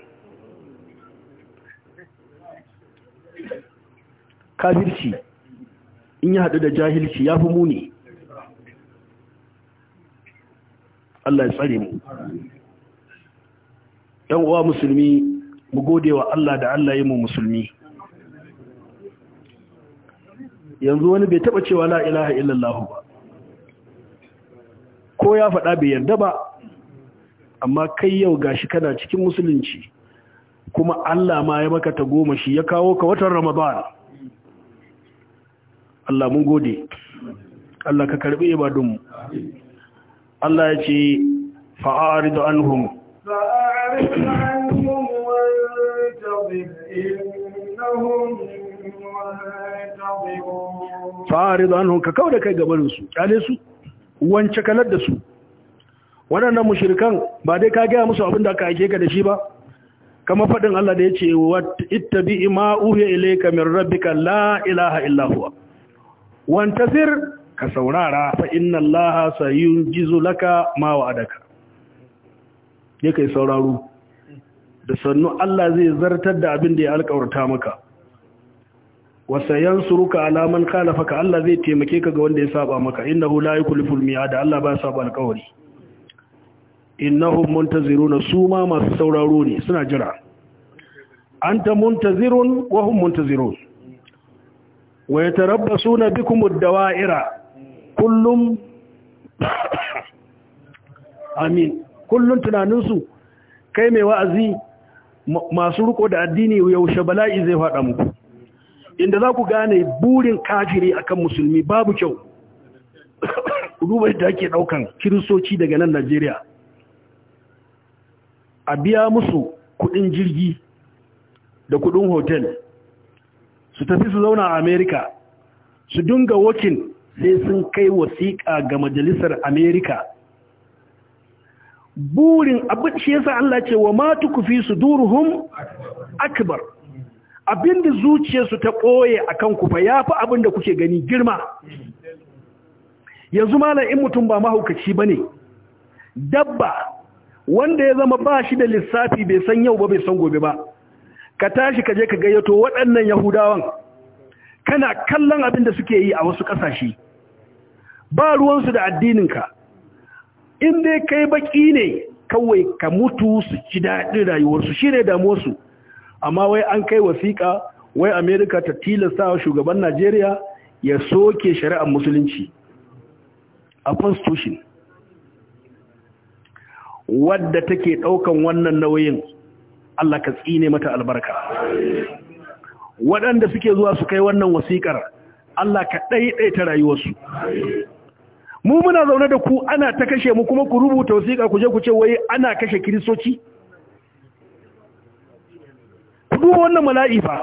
kafirci in ya haɗu da jahilci ya fi muni Allah ya tsare mu Ɗan uwa musulmi mu gode wa Allah da Allah yi mu musulmi yanzu wani bai taba cewa la ilaha illallah ba ko ya faɗa bai yarda ba amma kai yau gashi kana cikin musulunci kuma Allah ma ya maka tagomashi ya kawo ka watan Ramadan Allah mun gode Allah ka karbi ibadunmu Allah ya ce fa'aridu anhum fa'aridu anhum wa innahum fa'arid hannun ka da kai gabanin su kyale su wance kalar da su waɗannan mushirikan ba dai ka gaya musu abin da aka ake ka da shi ba kama faɗin Allah da ya ce ita ittabi ma uhiya ka min ka la ilaha illa huwa wantasir ka saurara fa inna yi sayunjizu laka ma wa'adaka kai sauraro da sannu Allah zai zartar da abin da ya alƙawarta maka wasayan suruka alaman khalafaka Allah zai taimake ka ga wanda ya saba maka innahu la yukliful miada Allah ba saba alƙawari innahum muntaziruna suma masu sauraro ne suna jira anta muntazirun wa hum muntazirun wa yatarabbasuna bikum ad-dawa'ira kullum amin kullum tunaninsu kai mai wa'azi masu ruko da addini yaushe bala'i zai fada muku inda za ku gane burin kafiri akan musulmi babu kyau duba da ake daukan kiristoci daga nan Najeriya a biya musu kudin jirgi da kudin hotel su tafi su zauna a Amerika su dinga wakin sai sun kai wasiƙa ga majalisar Amerika burin abin shi yasa Allah ce wa ma tukufi suduruhum akbar abinda zuciyarsu ta ɓoye a kanku fa ya fi da kuke gani girma yanzu malam in mutum ba mahaukaci ba ne dabba wanda ya zama ba shi da lissafi bai san yau ba bai san gobe ba ka tashi ka je ka gayyato waɗannan yahudawan kana kallon abin da suke yi a wasu ƙasashe ba ruwansu da addininka in dai kai baƙi ne kawai ka mutu su ci daɗin rayuwarsu shi ne damuwarsu amma wai an kai wasiƙa wai amerika ta tilasta wa shugaban najeriya ya soke shari'ar musulunci a constitution wadda take ɗaukan wannan nauyin Allah ka tsine mata albarka waɗanda suke zuwa su kai wannan wasiƙar Allah ka ɗaiɗaita rayuwarsu mu muna zaune da ku ana ta kashe mu kuma ku rubuta wasiƙa ku je ku ce wai ana kashe kiristoci duk wannan mala'i fa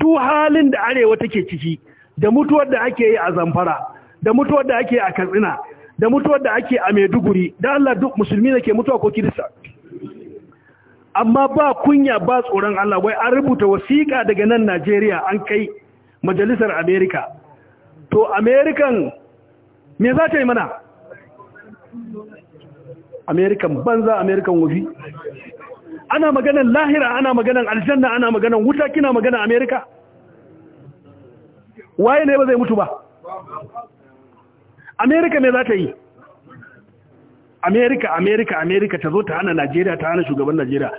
duk halin da arewa take ciki da mutuwar da ake yi a zamfara da mutuwar da ake a katsina da mutuwar da ake a maiduguri da allah duk musulmi da ke mutuwa ko kirista amma ba kunya ba tsoron allah wai an rubuta wasiƙa daga nan najeriya an kai majalisar amerika to amerikan me za ta yi mana amerikan banza amerikan wofi. ana maganan lahira ana maganan aljanna ana maganan wuta kina maganan amerika waye ne ba zai mutu ba amerika me za ta yi amerika amerika amerika ta zo ta hana najeriya ta hana shugaban najeriya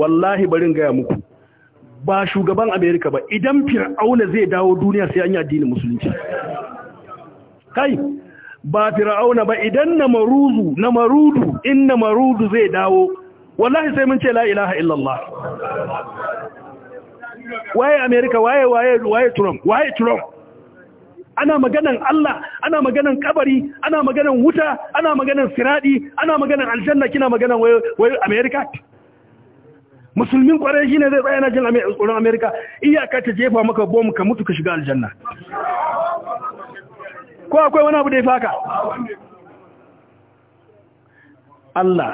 wallahi barin gaya muku ba shugaban amerika ba idan fir'auna zai dawo duniya sai an yi addinin musulunci kai ba fir'auna ba idan na maruzu na marudu in na marudu zai dawo wallahi sai mun ce la ilaha illallah waye america waye waye waye trump waye trump ana maganan Allah ana maganan kabari ana maganan wuta ana maganan siradi ana maganan aljanna kina maganan waye waye america musulmin kware shine zai tsaya na jin tsoron america iyaka ta jefa maka bom ka mutu ka shiga aljanna ko akwai wani abu da ya faka Allah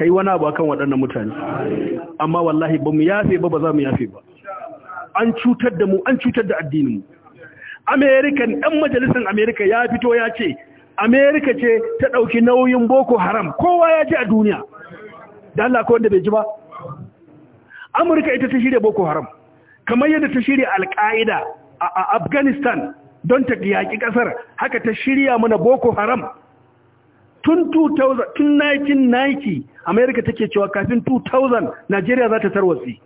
kai yi wani abu akan waɗannan mutane amma wallahi ba mu yafe ba ba za mu yafe ba an cutar da mu an cutar da addinin mu. american ɗan majalisar america ya fito ya ce america ce ta ɗauki nauyin boko haram kowa ya ji a duniya da Allah ko wanda bai ji ba amurka ita ta shirya boko haram kamar yadda ta shirya alƙa'ida a afghanistan don ta yaƙi ƙasar haka ta shirya mana boko haram tun 1990 amerika take cewa kafin 2000 najeriya za ta tarwatsi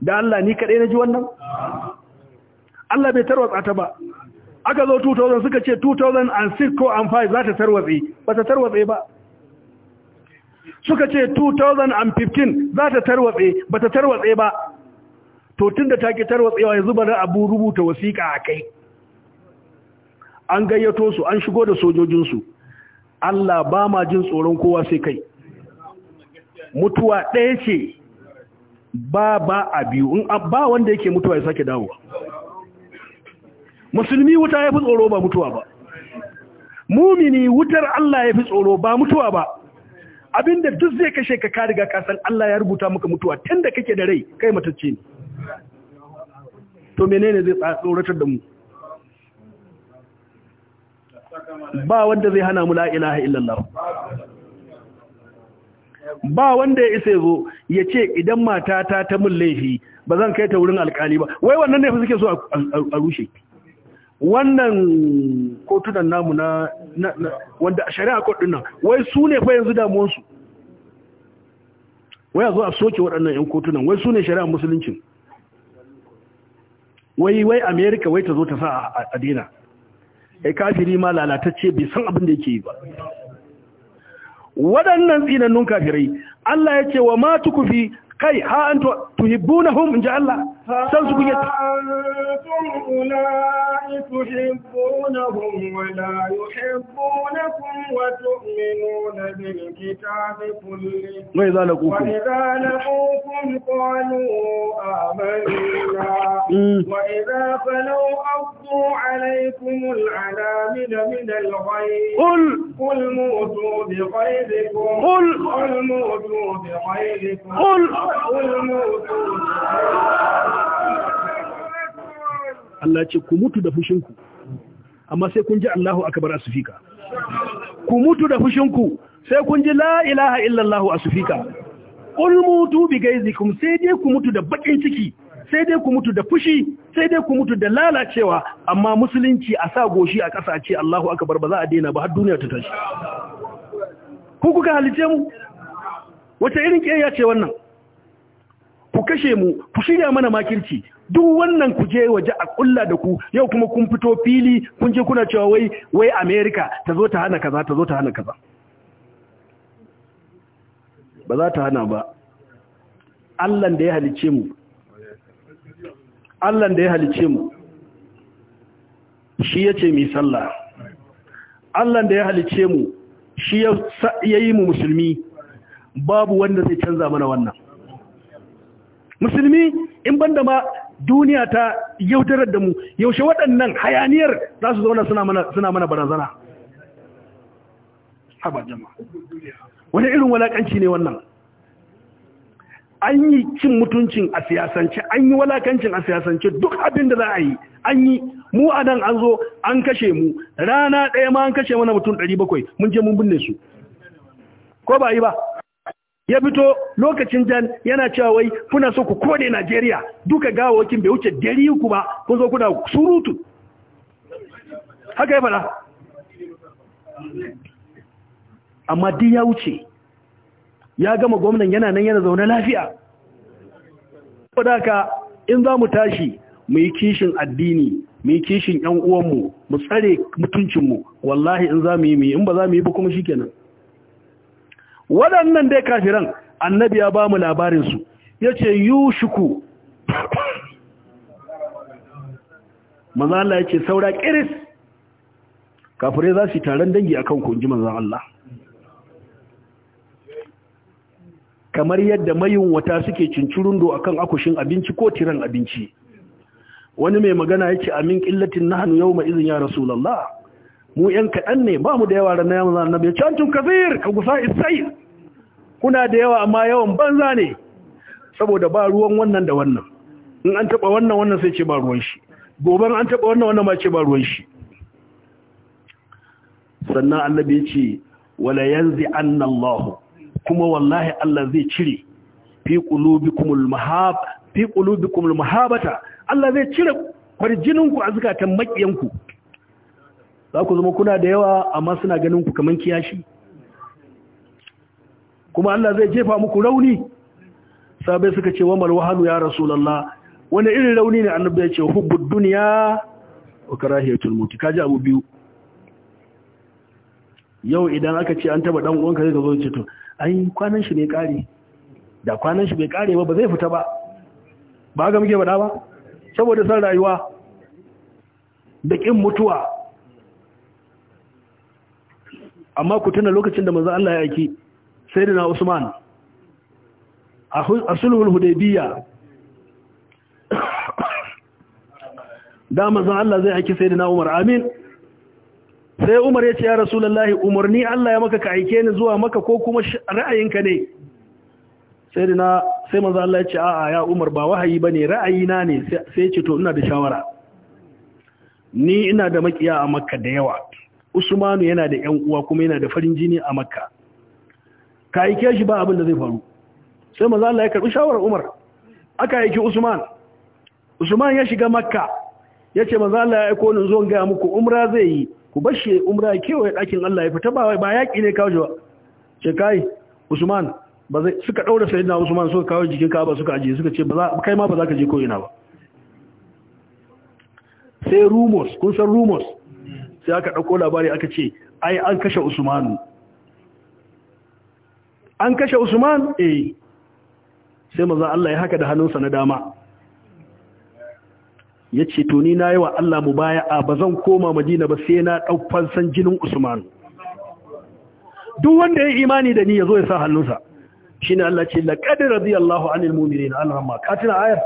da allah ni kaɗai na ji wannan allah bai tarwatsa ta ba aka zo 2000 suka ce 2006 ko 5 za ta tarwatsi ba ta tarwatse ba suka ce 2015 za ta tarwatse ba ta tarwatse ba to tun da ta ke tarwatsewa yanzu ba na abu rubuta wasiƙa a kai an gayyato su an shigo da sojojinsu Allah ba ma jin tsoron kowa sai kai mutuwa ɗaya ce ba ba a biyu in ba wanda yake mutuwa ya sake dawo musulmi wuta ya fi tsoro ba mutuwa ba mumini wutar Allah ya fi tsoro ba mutuwa ba abinda duk zai kashe ka kariga kasan Allah ya rubuta maka mutuwa tun da kake da rai kai matacce ne to menene zai tsoratar da mu ba wanda zai hana mu la ilaha illallah ba wanda ya isa zo ya ce idan matata ta mun laifi ba zan kai ta wurin alkali ba wai wannan ne suke so a rushe wannan kotunan namu na wanda shari'a ko nan wai su ne fa yanzu damuwansu wai a zo a soke waɗannan 'yan kotunan wai su ne shari'a musuluncin wai wai amerika wai ta zo ta sa a dina ya eh, kafiri ma lalatacce bai san abin da yake yi ba waɗannan tsinannun kafirai Allah ya ce wa ma tukufi kai ha an tuhibbunahum inji Allah سوف يت أنتم أولئك تحبونهم ولا يحبونكم وتؤمنون بالكتاب كله وإذا لقوكم وإذا لقوكم قالوا آمنا وإذا خلوا أفضوا عليكم العنامل من الغيظ قل قل موتوا بغيظكم قل قل موتوا بغيظكم قل قل موتوا Allah ce ku mutu da fushinku amma sai kun ji Allahu akbar a ku mutu da fushinku sai kun ji la ilaha illallah a sufika qul mutu bi gaizikum sai dai ku mutu da bakin ciki sai dai ku mutu da fushi sai dai ku mutu da lalacewa amma musulunci a sa goshi a ƙasa ce Allahu akbar ba za a daina ba har duniya ta tashi ku kuka halice mu wace irin kiyayya ce wannan ku kashe mu ku shirya mana makirci duk wannan ku je waje a kulla da ku yau kuma kun fito fili kun je kuna cewa wai wai America ta zo ta hana kaza ta zo ta hana kaza ba za ta hana ba Allah da ya halice mu Allah da ya halice mu shi yace mi sallah Allah da ya halice mu shi ya yi mu musulmi babu wanda zai canza mana wannan musulmi in banda ma duniya ta yaudarar da mu yaushe waɗannan hayaniyar za su zauna suna mana barazana wani irin walakanci ne wannan an yi cin mutuncin a siyasance an yi walakancin a siyasance duk abin da za a yi an yi mu a nan an zo an kashe mu rana ɗaya ma an kashe mana mutum 700 mun je mun binne su ko ba yi ba ya fito lokacin jan yana cewa wai kuna so ku kone Najeriya duka gawawakin bai wuce dari ku ba kun zo kuna surutu haka ya fara amma din ya wuce ya gama gwamnan yana nan yana zaune lafiya ka in za mu tashi mu yi kishin addini mu yi kishin 'yan uwanmu mu tsare mutuncinmu wallahi in za mu yi mu yi in ba za mu yi ba kuma shi kenan waɗannan dai kafiran annabi ya ba mu labarinsu ya ce yushuku Maza Allah ya ce saura ƙiris kafirai za su taron dangi akan kunji Maza Allah kamar yadda wata suke do a kan akushin abinci ko tiran abinci wani mai magana ya ce amin ƙillatin nahanu yau ma izin ya rasulallah mu yan kaɗan ne ba mu da yawa da na ranar zan nabi, cancun kafir ka gusa isai kuna da yawa amma yawan banza ne saboda ba ruwan wannan da wannan in an taɓa wannan wannan sai ce ba ruwan shi gobe an taɓa wannan wannan ma ce ba ruwan shi sannan annabi ya ce wala yanzi annallahu kuma wallahi Allah zai cire fi qulubikumul mahab fi qulubikumul mahabata Allah zai cire farjininku a zakatan makiyanku za ku zama kuna da yawa amma suna ganin ku kaman kiyashi kuma Allah zai jefa muku rauni sabai suka ce wa malwahanu ya rasulullah wani irin rauni ne annabi ya ce hubbud dunya wa karahiyatul maut kaji abu biyu yau idan aka ce an taba dan uwanka zai zo ce to ai kwanan shi ne kare da kwanan shi bai kare ba ba zai fita ba ba ga muke bada ba saboda san rayuwa da kin mutuwa amma ku tuna lokacin da manzo Allah ya aiki sayyidina Usman a sulhul hudaybiya da manzo Allah zai aiki sayyidina Umar amin sai Umar ya ce ya rasulullahi umarni Allah ya maka ka aike ni zuwa maka ko kuma ra'ayinka ne sai sai manzo Allah ya ce a'a ya Umar ba wahayi bane na ne sai ya ce to ina da shawara ni ina da makiya a Makka da yawa usmanu yana da yan uwa kuma yana da farin jini a makka ka aike shi ba abin da zai faru sai maza Allah ya karbi shawarar umar aka aiki usman usman ya shiga makka ya ce maza Allah ya aiko ni zo ga muku umra zai yi ku bashi umra kewaye ɗakin Allah ya fita ba ba yaƙi ne kawo ba ce kai usman ba zai suka daura sayyidina usman suka kawo jikin ka suka aje suka ce ba za kai ma ba za ka je ko ina ba sai rumors kun san rumors sai aka ɗauko labari aka ce ai an kashe usmanu an kashe usman eh sai maza Allah ya haka da hannunsa na dama ya ce to ni na yi wa Allah mu baya a ba zan koma madina ba sai na ɗaukfan san jinin usman duk wanda ya imani da ni ya zo ya sa hannunsa shi ne Allah ce laƙadin radiyallahu anil mumirin an ramma katina ayar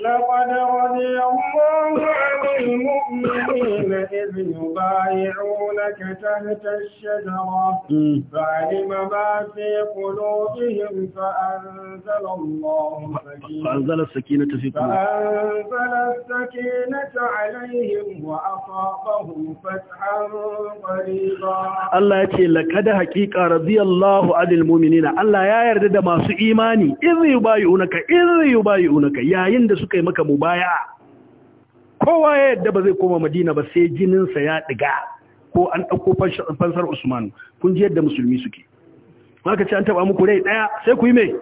لقد رضي الله عن المؤمنين إذ يبايعونك تحت الشجرة فعلم ما في قلوبهم فأنزل الله فأنزل السكينة في قلوبهم فأنزل السكينة عليهم وأصابهم فتحا قريبا الله يتي لقد حقيقة رضي الله عن المؤمنين الله يا يرد ما سو إيماني إذ يبايعونك إذ يبايعونك يا يندسو suka yi maka mubaya kowa ya yadda ba zai koma madina ba sai jininsa ya ɗiga ko an ɗauko fansar usman kun ji yadda musulmi suke maka ce an taɓa muku rai ɗaya sai ku yi mai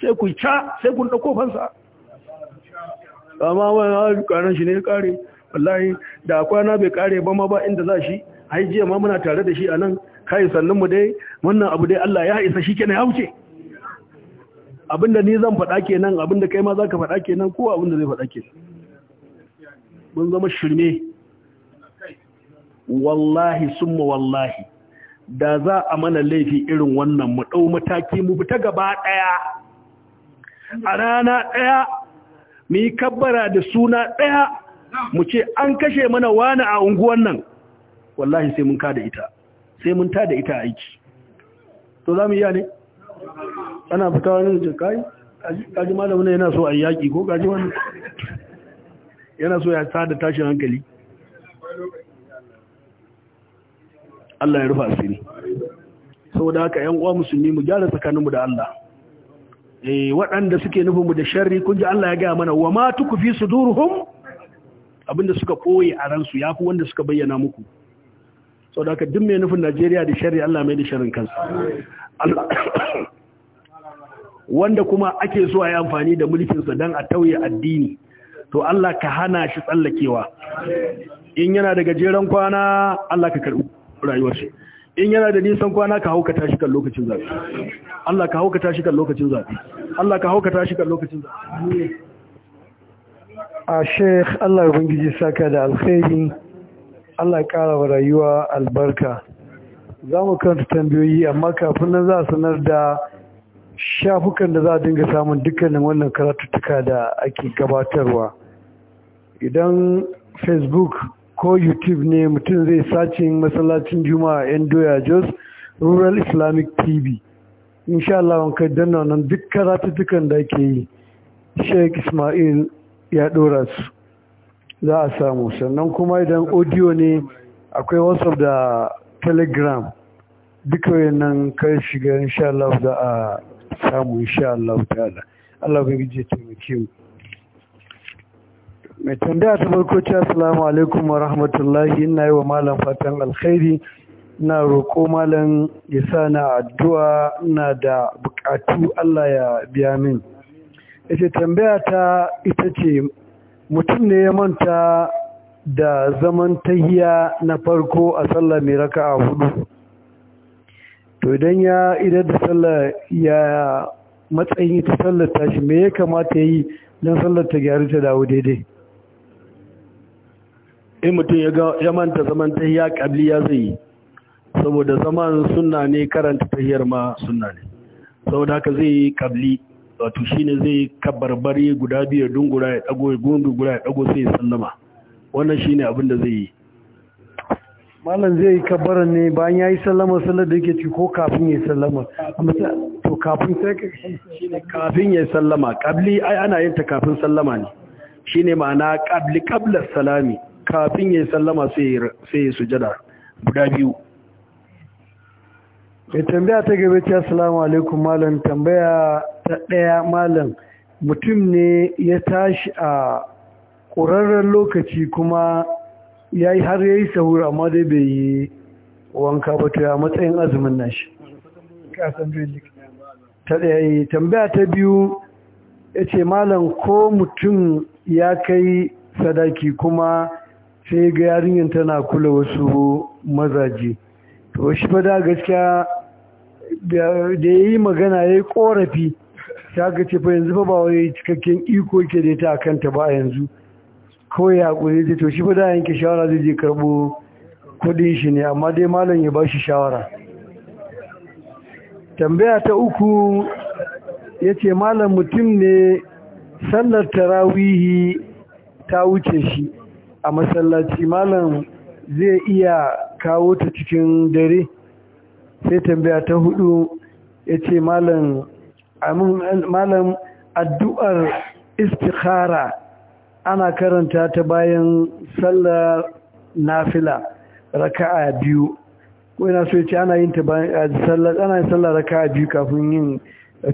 sai ku ca sai kun ɗauko fansa amma wani ƙaran shi ne ya ƙare wallahi da kwana bai ƙare ba ma ba inda za shi ai jiya ma muna tare da shi a nan kayi sannunmu dai wannan abu dai Allah ya isa shi kenan ya wuce abinda ni zan faɗa kenan abinda kai ma za ka faɗa kenan ko abinda zai faɗa kenan mun zama shirme wallahi summa wallahi da za a mana laifi irin wannan mu ɗau mataki mu fita gaba ɗaya a rana ɗaya mu yi kabbara da suna ɗaya mu ce an kashe mana wani a unguwan nan wallahi sai mun kada ita sai mun tada ita aiki to za mu yi ne ana fita wani da cikai kaji wani yana so a yaki ko kaji wani yana so ya sa da tashin hankali Allah ya rufa asiri saboda haka yan uwa musulmi mu gyara tsakaninmu da Allah eh waɗanda suke nufin mu da shari kun ji Allah ya gaya mana wa ma tukfi suduruhum abinda suka ɓoye a ransu ya fi wanda suka bayyana muku saboda haka duk mai nufin Najeriya da shari Allah mai da sharrin kansa Allah wanda kuma ake so a yi amfani da mulkinsa don a tauye addini to Allah ka hana shi tsallakewa in yana da gajeren kwana Allah ka karɓi shi in yana da nisan kwana ka hauka tashi kan lokacin zafi Allah ka hauka tashi kan lokacin zafi Allah ka hauka tashi kan lokacin zafi a sheikh Allah ya bangiji saka da alkhairi Allah ya kara wa rayuwa albarka za mu kanta tambayoyi amma kafin nan za a sanar da shafukan da za a dinga samun dukkanin wannan karatuttuka da ake gabatarwa idan facebook ko youtube ne mutum zai sacin masallacin juma'a yan doya jos rural islamic tv insha Allah wanka danna nan duk karatuttukan da ake yi sheik ismail ya dora su za a samu sannan kuma idan audio ne akwai whatsapp da telegram duka nan kai shiga insha Allah za a samu insha Allah ta'ala Allah bai gije taimake mu mai tambaya ta farko ce assalamu alaikum wa rahmatullahi ina yi wa malam fatan alkhairi na roƙo malam ya sa na addu'a ina da buƙatu Allah ya biya min ita tambaya ta ita ce mutum ne ya manta da zaman tahiya na farko a sallah mai raka'a hudu to idan ya idan da sallah ya matsayin ta sallar tashi me ya kamata yi don sallar ta gyaru ta dawo daidai in mutum ya manta zaman ya kabli ya zai saboda zaman sunna ne karanta tahiyar ma sunna ne saboda haka zai yi kabli wato shine zai kabarbari guda biyu dungura ya dago ya gombe guda ya dago sai ya sallama wannan shine abin da zai yi malam zai yi kabarin ne bayan ya yi sallama sallar da yake ci ko kafin ya yi sallama to kafin sai kafin ya yi sallama kabli ai ana yin ta kafin sallama ne shine ma'ana kabli kabla salami kafin ya yi sallama sai ya sujada guda biyu mai tambaya ta gaba ce assalamu alaikum malam tambaya ta ɗaya malam mutum ne ya tashi a ƙurarren lokaci kuma ya yi har ya yi sahur amma dai bai yi wanka ba to ya matsayin azumin nashi ta ɗaya tambaya ta biyu ya ce malam ko mutum ya kai sadaki kuma sai ga yarinyar tana kula wasu mazaje to shi fada gaskiya da ya yi magana ya yi korafi ta ga ce fa yanzu fa ba wai cikakken iko ke da ta kanta ba yanzu kawai ya ƙuri zai to shi yanke shawara zai je karbo kudin shi ne amma dai malam ya ba shi shawara tambaya ta uku ya ce malam mutum ne sallar tarawihi ta wuce shi a masallaci malam zai iya kawo ta cikin dare sai tambaya ta hudu ya ce malam addu'ar istikhara ana karanta ta bayan sallar nafila raka'a biyu ko ina so yace ana yin ta bayan eh, sallar ana yin sallar raka'a biyu kafin yin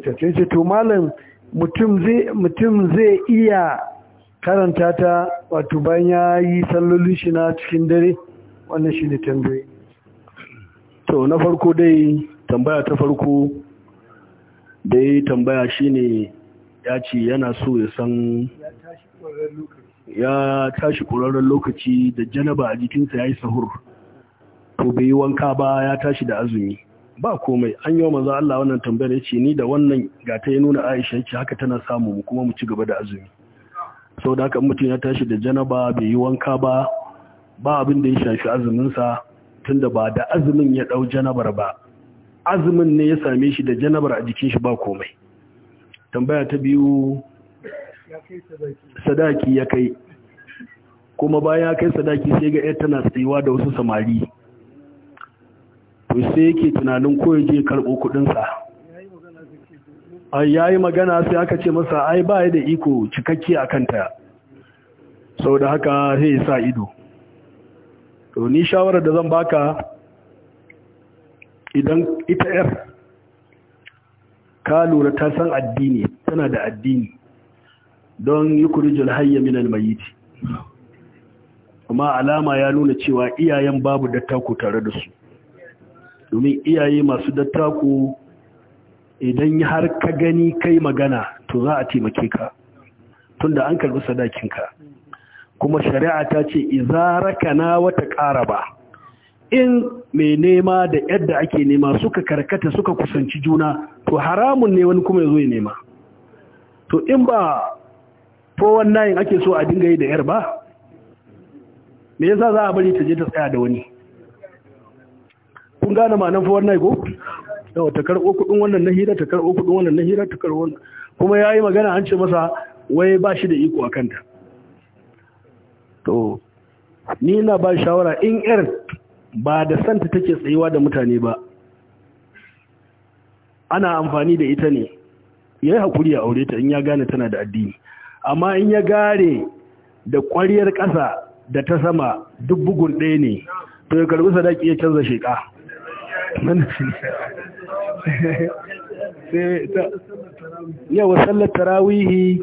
tace to malam mutum zai mutum zai iya karanta ta wato bayan ya yi sallolin shi na cikin dare wannan shi ne tambaye to na farko dai tambaya ta farko dai tambaya shine ya ce yana so ya san ya tashi ƙurarren lokaci da janaba a jikinsa ya yi sahur to bai yi wanka ba ya tashi da azumi ba komai an yi maza Allah wannan tambayar ya ce ni da wannan gata ya nuna Aisha ce haka tana samu mu kuma mu ci gaba da azumi sau da haka mutum ya tashi da janaba bai yi wanka ba ba abin da ya shafi azuminsa tun da ba da azumin ya ɗau janabar ba azumin ne ya same shi da janabar a jikin shi ba komai tambaya ta biyu sadaki ya kai kuma bayan ya kai sadaki sai ga yar tana tsayuwa da wasu samari to yake tunanin ko je karɓo kuɗinsa Ya yi magana sai aka ce masa ai ba da iko cikakke a kanta sau da haka zai ya sa ido to ni shawarar da zan baka idan ita yar ka lura ta san addini tana da addini don yi kurijin hayya minal mayiti Kuma alama ya nuna cewa iyayen babu dattako tare da su domin iyaye masu dattako idan har ka gani kai magana to za a taimake ka tunda an karbi sadakinka kuma shari'a ta ce na wata ƙara ba in mai nema da yadda ake nema suka karkata suka kusanci juna to haramun ne wani kuma ya zo ya nema to in ba to wannan ake so a dinga yi da yar ba me yasa za a bari ta je ta tsaya da wani kun gane ma nan fa wannan ko yawa ta karɓo kuɗin wannan na hira ta karɓo kuɗin wannan na hira ta karɓo kuma yayi magana an ce masa wai ba shi da iko a kanta to ni na ba shawara in yar ba da santa take tsayuwa da mutane ba ana amfani da ita ne yayi hakuri ya aure ta in ya gane tana da addini amma in ya gare da ƙwariyar ƙasa da ta sama duk bugun ɗaya ne to ya karbi sadaki ya canza sheƙa yawa sallar tarawihi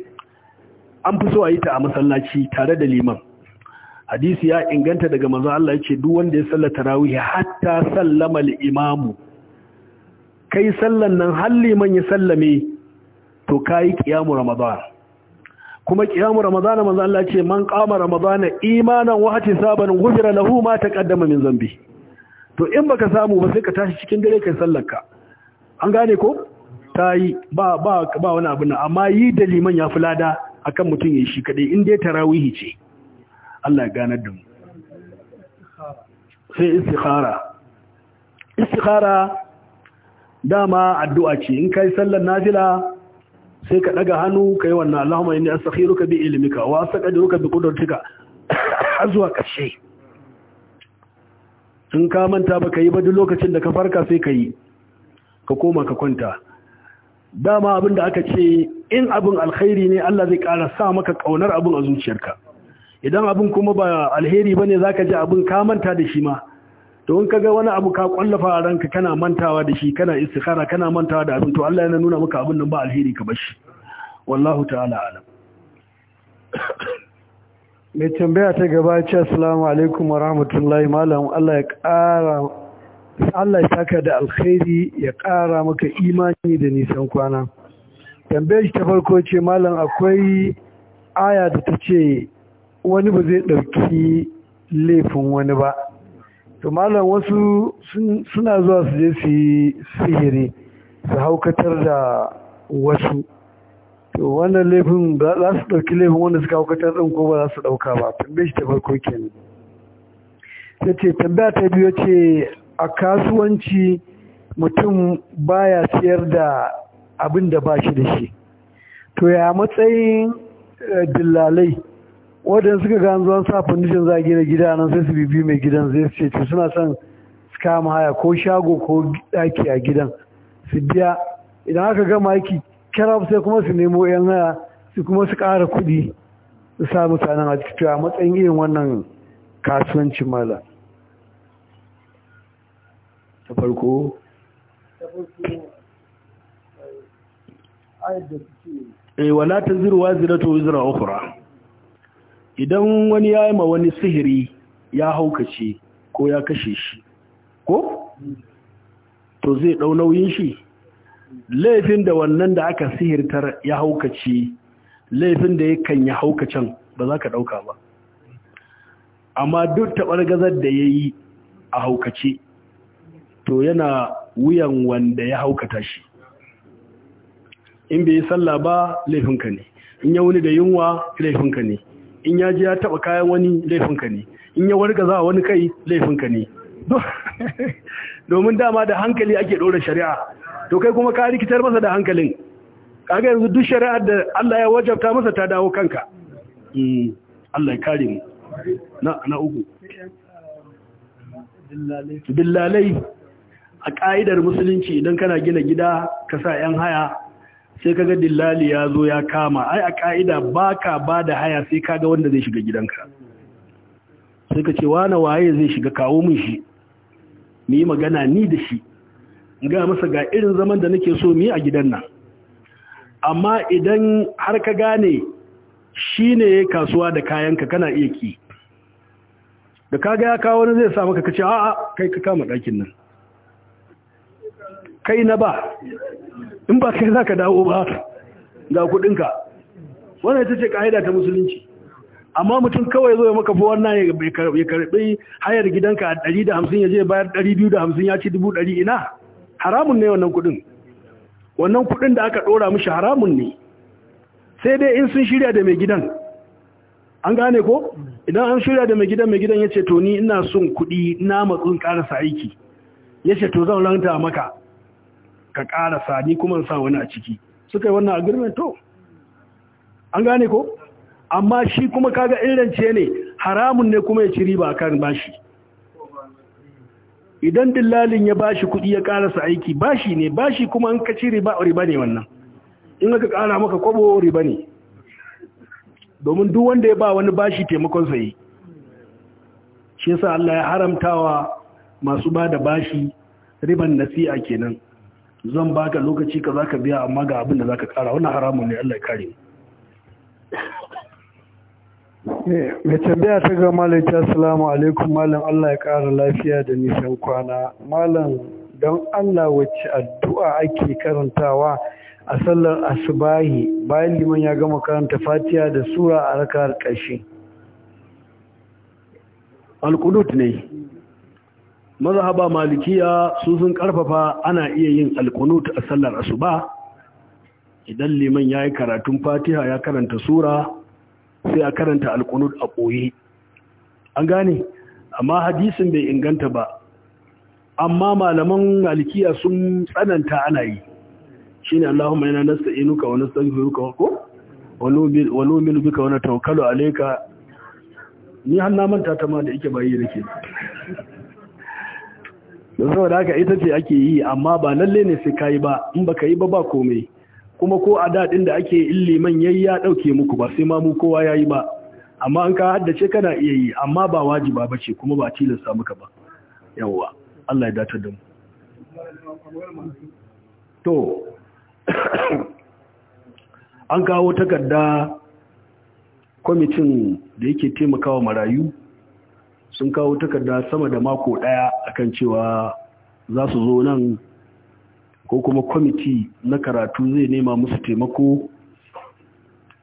an fi so a yi ta a masallaci tare da liman hadisi ya inganta daga mazan Allah ya ce duk wanda ya sallar tarawihi hatta sallama imamu kai sallan nan har liman ya sallame to kayi kiyamu ramadan kuma kiyamu ramadana manzo Allah ce man qama ramadana imanan wa ihtisaban gujira lahu ma taqaddama min zambi to in baka samu ba sai ka tashi cikin dare kai sallarka an gane ko tayi ba ba ba wani abu na amma yi da liman ya fulada akan mutum yayi shi kadai in dai tarawihi ce Allah ya ganar da mu sai istikhara istikhara dama addu'a ce in kai sallar nafila sai ka ɗaga hannu ka yi wannan Allahumma inni astakhiruka bi ilmika wa astaqdiruka bi qudratika zuwa ƙarshe in ka manta ba ka yi ba duk lokacin da ka farka sai ka yi ka koma ka kwanta dama abin da aka ce in abin alkhairi ne Allah zai ƙara sa maka kaunar abin a zuciyarka idan abin kuma ba alheri bane zaka ji abin ka manta da shi ma to in kaga wani abu ka kwallafa a ranka kana mantawa da shi kana istikhara kana mantawa da abin to Allah yana nuna maka abin nan ba alheri ka bashi wallahu ta'ala alam mai tambaya ta gaba ce assalamu alaikum wa rahmatullahi malam Allah ya ƙara Allah ya saka da alkhairi ya kara maka imani da nisan kwana tambayar ta farko ce malam akwai aya da ta ce wani ba zai ɗauki laifin wani ba to malam wasu suna zuwa su je su yi sihiri su haukatar da wasu to wannan laifin za su ɗauki laifin wanda suka haukatar ɗin ko ba za su ɗauka ba tambaye shi ta farko kenan ta ce tambaya ta biyu ce a kasuwanci mutum baya siyar da abin da ba shi da shi to ya matsayin eh, dillalai wadanda suka gano zuwan sa foundation za a gina gida nan sai su bibi mai gidan zai ce to suna son su kama haya ko shago ko daki a gidan su biya idan aka gama aiki kira sai kuma su nemo yan haya su kuma su ƙara kuɗi su sa mutanen a cikin a matsayin irin wannan kasuwancin mala ta farko eh, wala ta to ukura idan wani ya yi ma wani sihiri ya haukace ko ya kashe shi ko to zai ɗau nauyin shi laifin da wannan da aka sihirtar ya haukace laifin da yakan ya haukacen ba za ka ɗauka ba amma duk taɓar gazar da ya yi a haukace to yana wuyan wanda ya haukata shi in bai yi sallah ba laifinka ne in ya wuni da yunwa laifinka ne in ya ji ya taba kayan wani laifinka ne in ya warga za wani kai laifinka ne domin dama da hankali ake ɗora shari'a to kai kuma ka rikitar masa da hankalin kaga yanzu duk shari'ar da Allah ya wajabta masa ta dawo kanka hmm, Allah ya kare mu na uku dillalai a ka'idar musulunci idan kana gina gida ka sa 'yan haya sai kaga dillali ya zo ya kama ai a ka'ida baka ba da haya sai kaga wanda zai shiga gidanka sai ka ce wani waye zai shiga kawo min shi mu yi magana ni da shi ga masa ga irin zaman da nake so mu yi a gidan nan amma idan har ka gane shi ne kasuwa da kayanka kana iya ki da kaga ya kawo wani zai sa maka ka kace a'a kai ka kama ɗakin nan kai na ba in ba kai za ka dawo ba ga kudinka wannan ita ce ka'ida ta musulunci amma mutum kawai zo ya maka fi wannan ya karbi hayar gidanka a ɗari da hamsin ya je bayar ɗari biyu da hamsin ya ci dubu ɗari ina haramun ne wannan kudin wannan kudin da aka ɗora mushi haramun ne sai dai in sun shirya da mai gidan an gane ko idan an shirya da mai gidan mai gidan ya ce to ni ina son kudi na matsun karasa aiki ya ce to zan ranta maka ka ƙarasa Sani kuma sa wani a ciki suka yi wannan agreement to an gane ko amma shi kuma kaga irance ne haramun ne kuma ya ci riba kan bashi idan dillalin ya bashi kuɗi ya ƙarasa aiki bashi ne bashi kuma an ka ci riba riba ne wannan in aka ƙara maka kwabo riba ne domin duk wanda ya ba wani bashi taimakon sai shi yasa Allah ya haramtawa masu ba da bashi riban nasi'a kenan zan baka lokaci ka zaka biya amma ga abin da zaka kara wannan haramun ne Allah ya kare mai tambaya ta ga malam ta assalamu alaikum malam Allah ya kara lafiya da nisan kwana malam don Allah wacce addu'a ake karantawa a sallar asubahi bayan liman ya gama karanta Fatiya da sura a rakar ƙarshe alqunut ne mazhaba malikiya su sun karfafa ana iya yin alkunut a sallar asuba idan liman yayi karatun fatiha ya karanta sura sai a karanta alkunut a ɓoye an gane amma hadisin bai inganta ba amma malaman malikiya sun tsananta ana yi shine Allahumma inna nasta'inuka wa nastaghfiruka wa wa nu'minu bika wa natawakkalu alayka ni har na manta ta ma da yake bayi nake don saboda haka ita ce ake yi amma ba lalle ne sai kayi ba in baka yi ba ba komai kuma ko a daɗin da ake in liman yayi ya ɗauke muku ba sai ma mu kowa yayi ba amma an ka haddace kana iya yi amma ba wajiba ba ce kuma ba tilasta muka ba yawwa Allah ya dace da mu to an kawo takarda kwamitin da yake taimakawa marayu sun kawo takarda sama da mako daya akan cewa za su zo nan ko kuma kwamiti na karatu zai nema musu taimako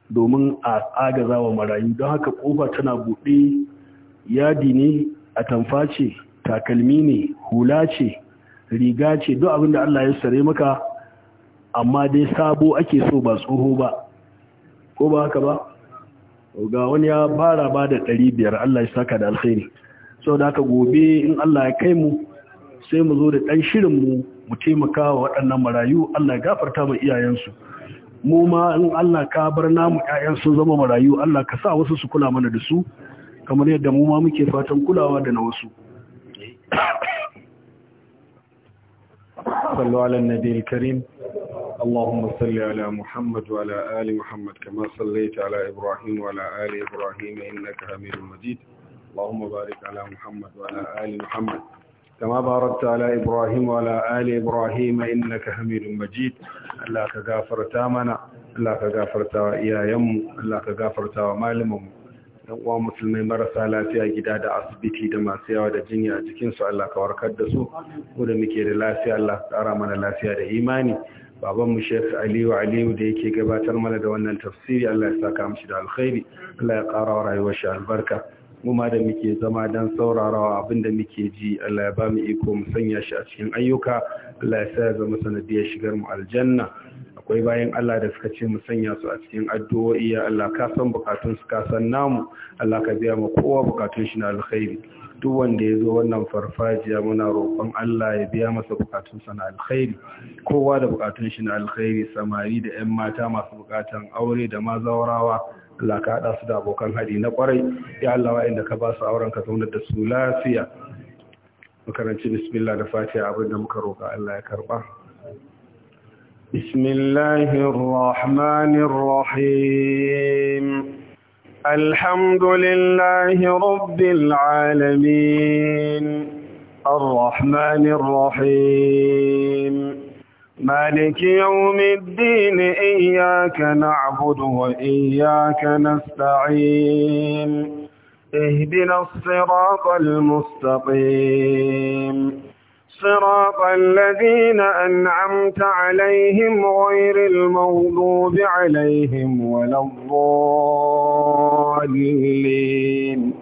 domin a agaza wa marayu don haka kofa tana buɗe yadi ne a tamfa ce takalmi ne hula ce riga ce duk abin da Allah ya sare maka amma dai sabo ake so ba tsoho ba ko ba haka ba ga wani ya fara ba da 500 Allah ya saka da alkhairi sau da aka gobe in Allah ya kai mu sai mu zo da ɗan shirinmu mu taimaka wa waɗannan marayu Allah ya gafarta mu iyayensu mu ma in Allah ka bar namu ƴaƴan sun zama marayu Allah ka sa wasu su kula mana da su kamar yadda mu ma muke fatan kulawa da na wasu صلوا على النبي الكريم اللهم صل على محمد وعلى آل محمد كما صليت على إبراهيم وعلى آل إبراهيم إنك حميد مجيد اللهم بارك على محمد وعلى آل محمد كما باركت على إبراهيم وعلى آل إبراهيم إنك حميد مجيد الله كغافرت منا الله كغافرت يا يم الله كغافرت مالمم yan uwa musulmai marasa lafiya gida da asibiti da masu yawa da jinya a cikinsu Allah ka warkar da su ko da muke da lafiya Allah ka ƙara mana lafiya da imani babanmu Sheikh Aliyu Aliyu da yake gabatar mana da wannan tafsiri Allah ya saka mishi da alkhairi Allah ya ƙara wa rayuwar shi albarka mu ma da muke zama don saurarawa abinda muke ji Allah ya ba mu iko mu sanya shi a cikin ayyuka Allah ya sa ya zama sanadiyar shigar mu aljanna akwai bayan Allah da suka ce mu sanya su a cikin addu'o'i ya Allah ka san bukatun su ka san namu Allah ka biya mu kowa bukatun shi na alkhairi duk wanda ya zo wannan farfajiya muna roƙon Allah ya biya masa bukatunsa na alkhairi kowa da bukatun shi na alkhairi samari da 'yan mata masu bukatan aure da mazaurawa Allah ka haɗa su da abokan haɗi na kwarai ya Allah inda ka ba su auren ka zaunar da su lafiya makaranci bismillah da abin da muka roƙa Allah ya karɓa bismillahir rahmanir rahim الحمد لله رب العالمين الرحمن الرحيم مالك يوم الدين إياك نعبد وإياك نستعين اهدنا الصراط المستقيم صراط الذين أنعمت عليهم غير المغضوب عليهم ولا الضالين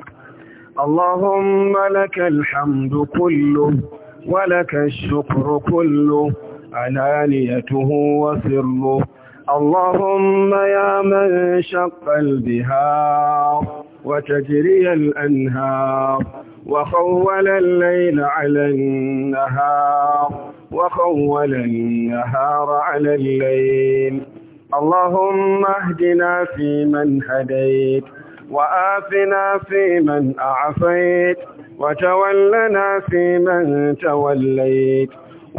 اللهم لك الحمد كله ولك الشكر كله علانيته وسره اللهم يا من شق البهار وتجري الأنهار وخول الليل على النهار وخول النهار على الليل اللهم اهدنا فيمن هديت وآفنا فيمن أعفيت وتولنا فيمن توليت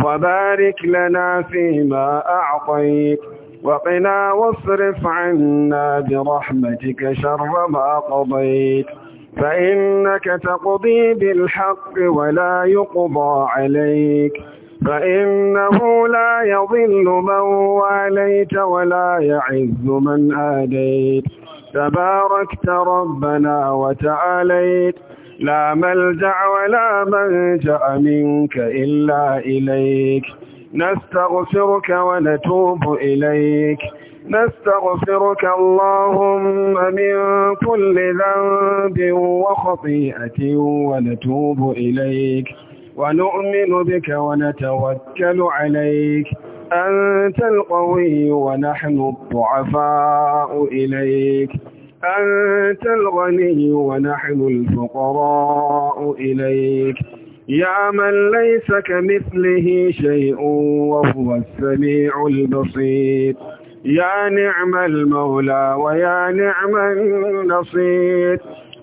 وبارك لنا فيما أعطيت وقنا واصرف عنا برحمتك شر ما قضيت فإنك تقضي بالحق ولا يقضى عليك فإنه لا يضل من واليت ولا يعز من آديت تباركت ربنا وتعاليت لا ملجأ ولا منجأ منك إلا إليك نستغفرك ونتوب إليك نستغفرك اللهم من كل ذنب وخطيئة ونتوب إليك ونؤمن بك ونتوكل عليك أنت القوي ونحن الضعفاء إليك أنت الغني ونحن الفقراء إليك يا من ليس كمثله شيء وهو السميع البصير يا نعم المولى ويا نعم النصير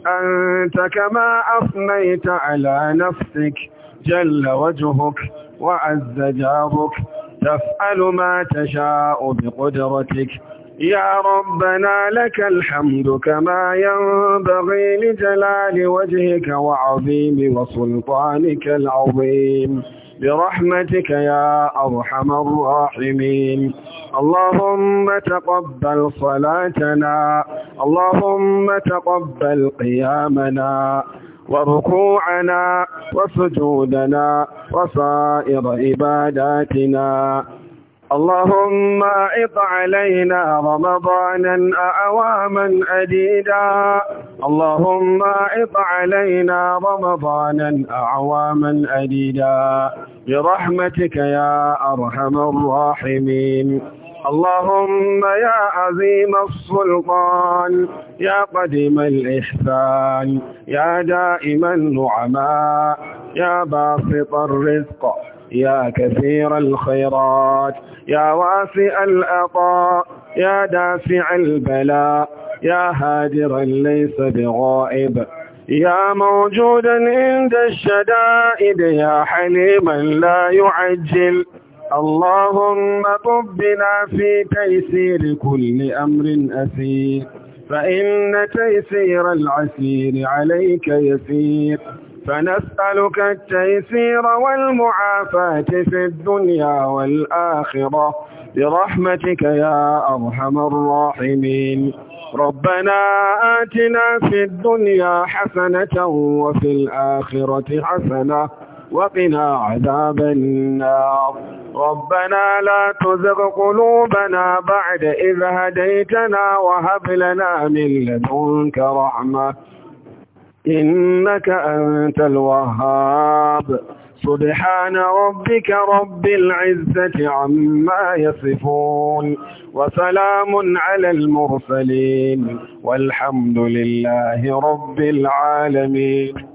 أنت كما أثنيت على نفسك جل وجهك وعز جارك تفعل ما تشاء بقدرتك يا ربنا لك الحمد كما ينبغي لجلال وجهك وعظيم وسلطانك العظيم برحمتك يا أرحم الراحمين اللهم تقبل صلاتنا اللهم تقبل قيامنا وركوعنا وسجودنا وسائر عباداتنا اللهم أعط علينا رمضانا أعواما أديدا اللهم أعط علينا رمضانا أعواما أديدا برحمتك يا أرحم الراحمين اللهم يا عظيم السلطان يا قديم الإحسان يا دائم النعماء يا باسط الرزق يا كثير الخيرات يا واسع العطاء يا دافع البلاء يا هاجرا ليس بغائب يا موجودا عند الشدائد يا حليما لا يعجل اللهم طبنا في تيسير كل أمر أسير فإن تيسير العسير عليك يسير فنسألك التيسير والمعافاة في الدنيا والآخرة برحمتك يا أرحم الراحمين ربنا آتنا في الدنيا حسنة وفي الآخرة حسنة وقنا عذاب النار ربنا لا تزغ قلوبنا بعد إذ هديتنا وهب لنا من لدنك رحمة إنك أنت الوهاب سبحان ربك رب العزة عما يصفون وسلام على المرسلين والحمد لله رب العالمين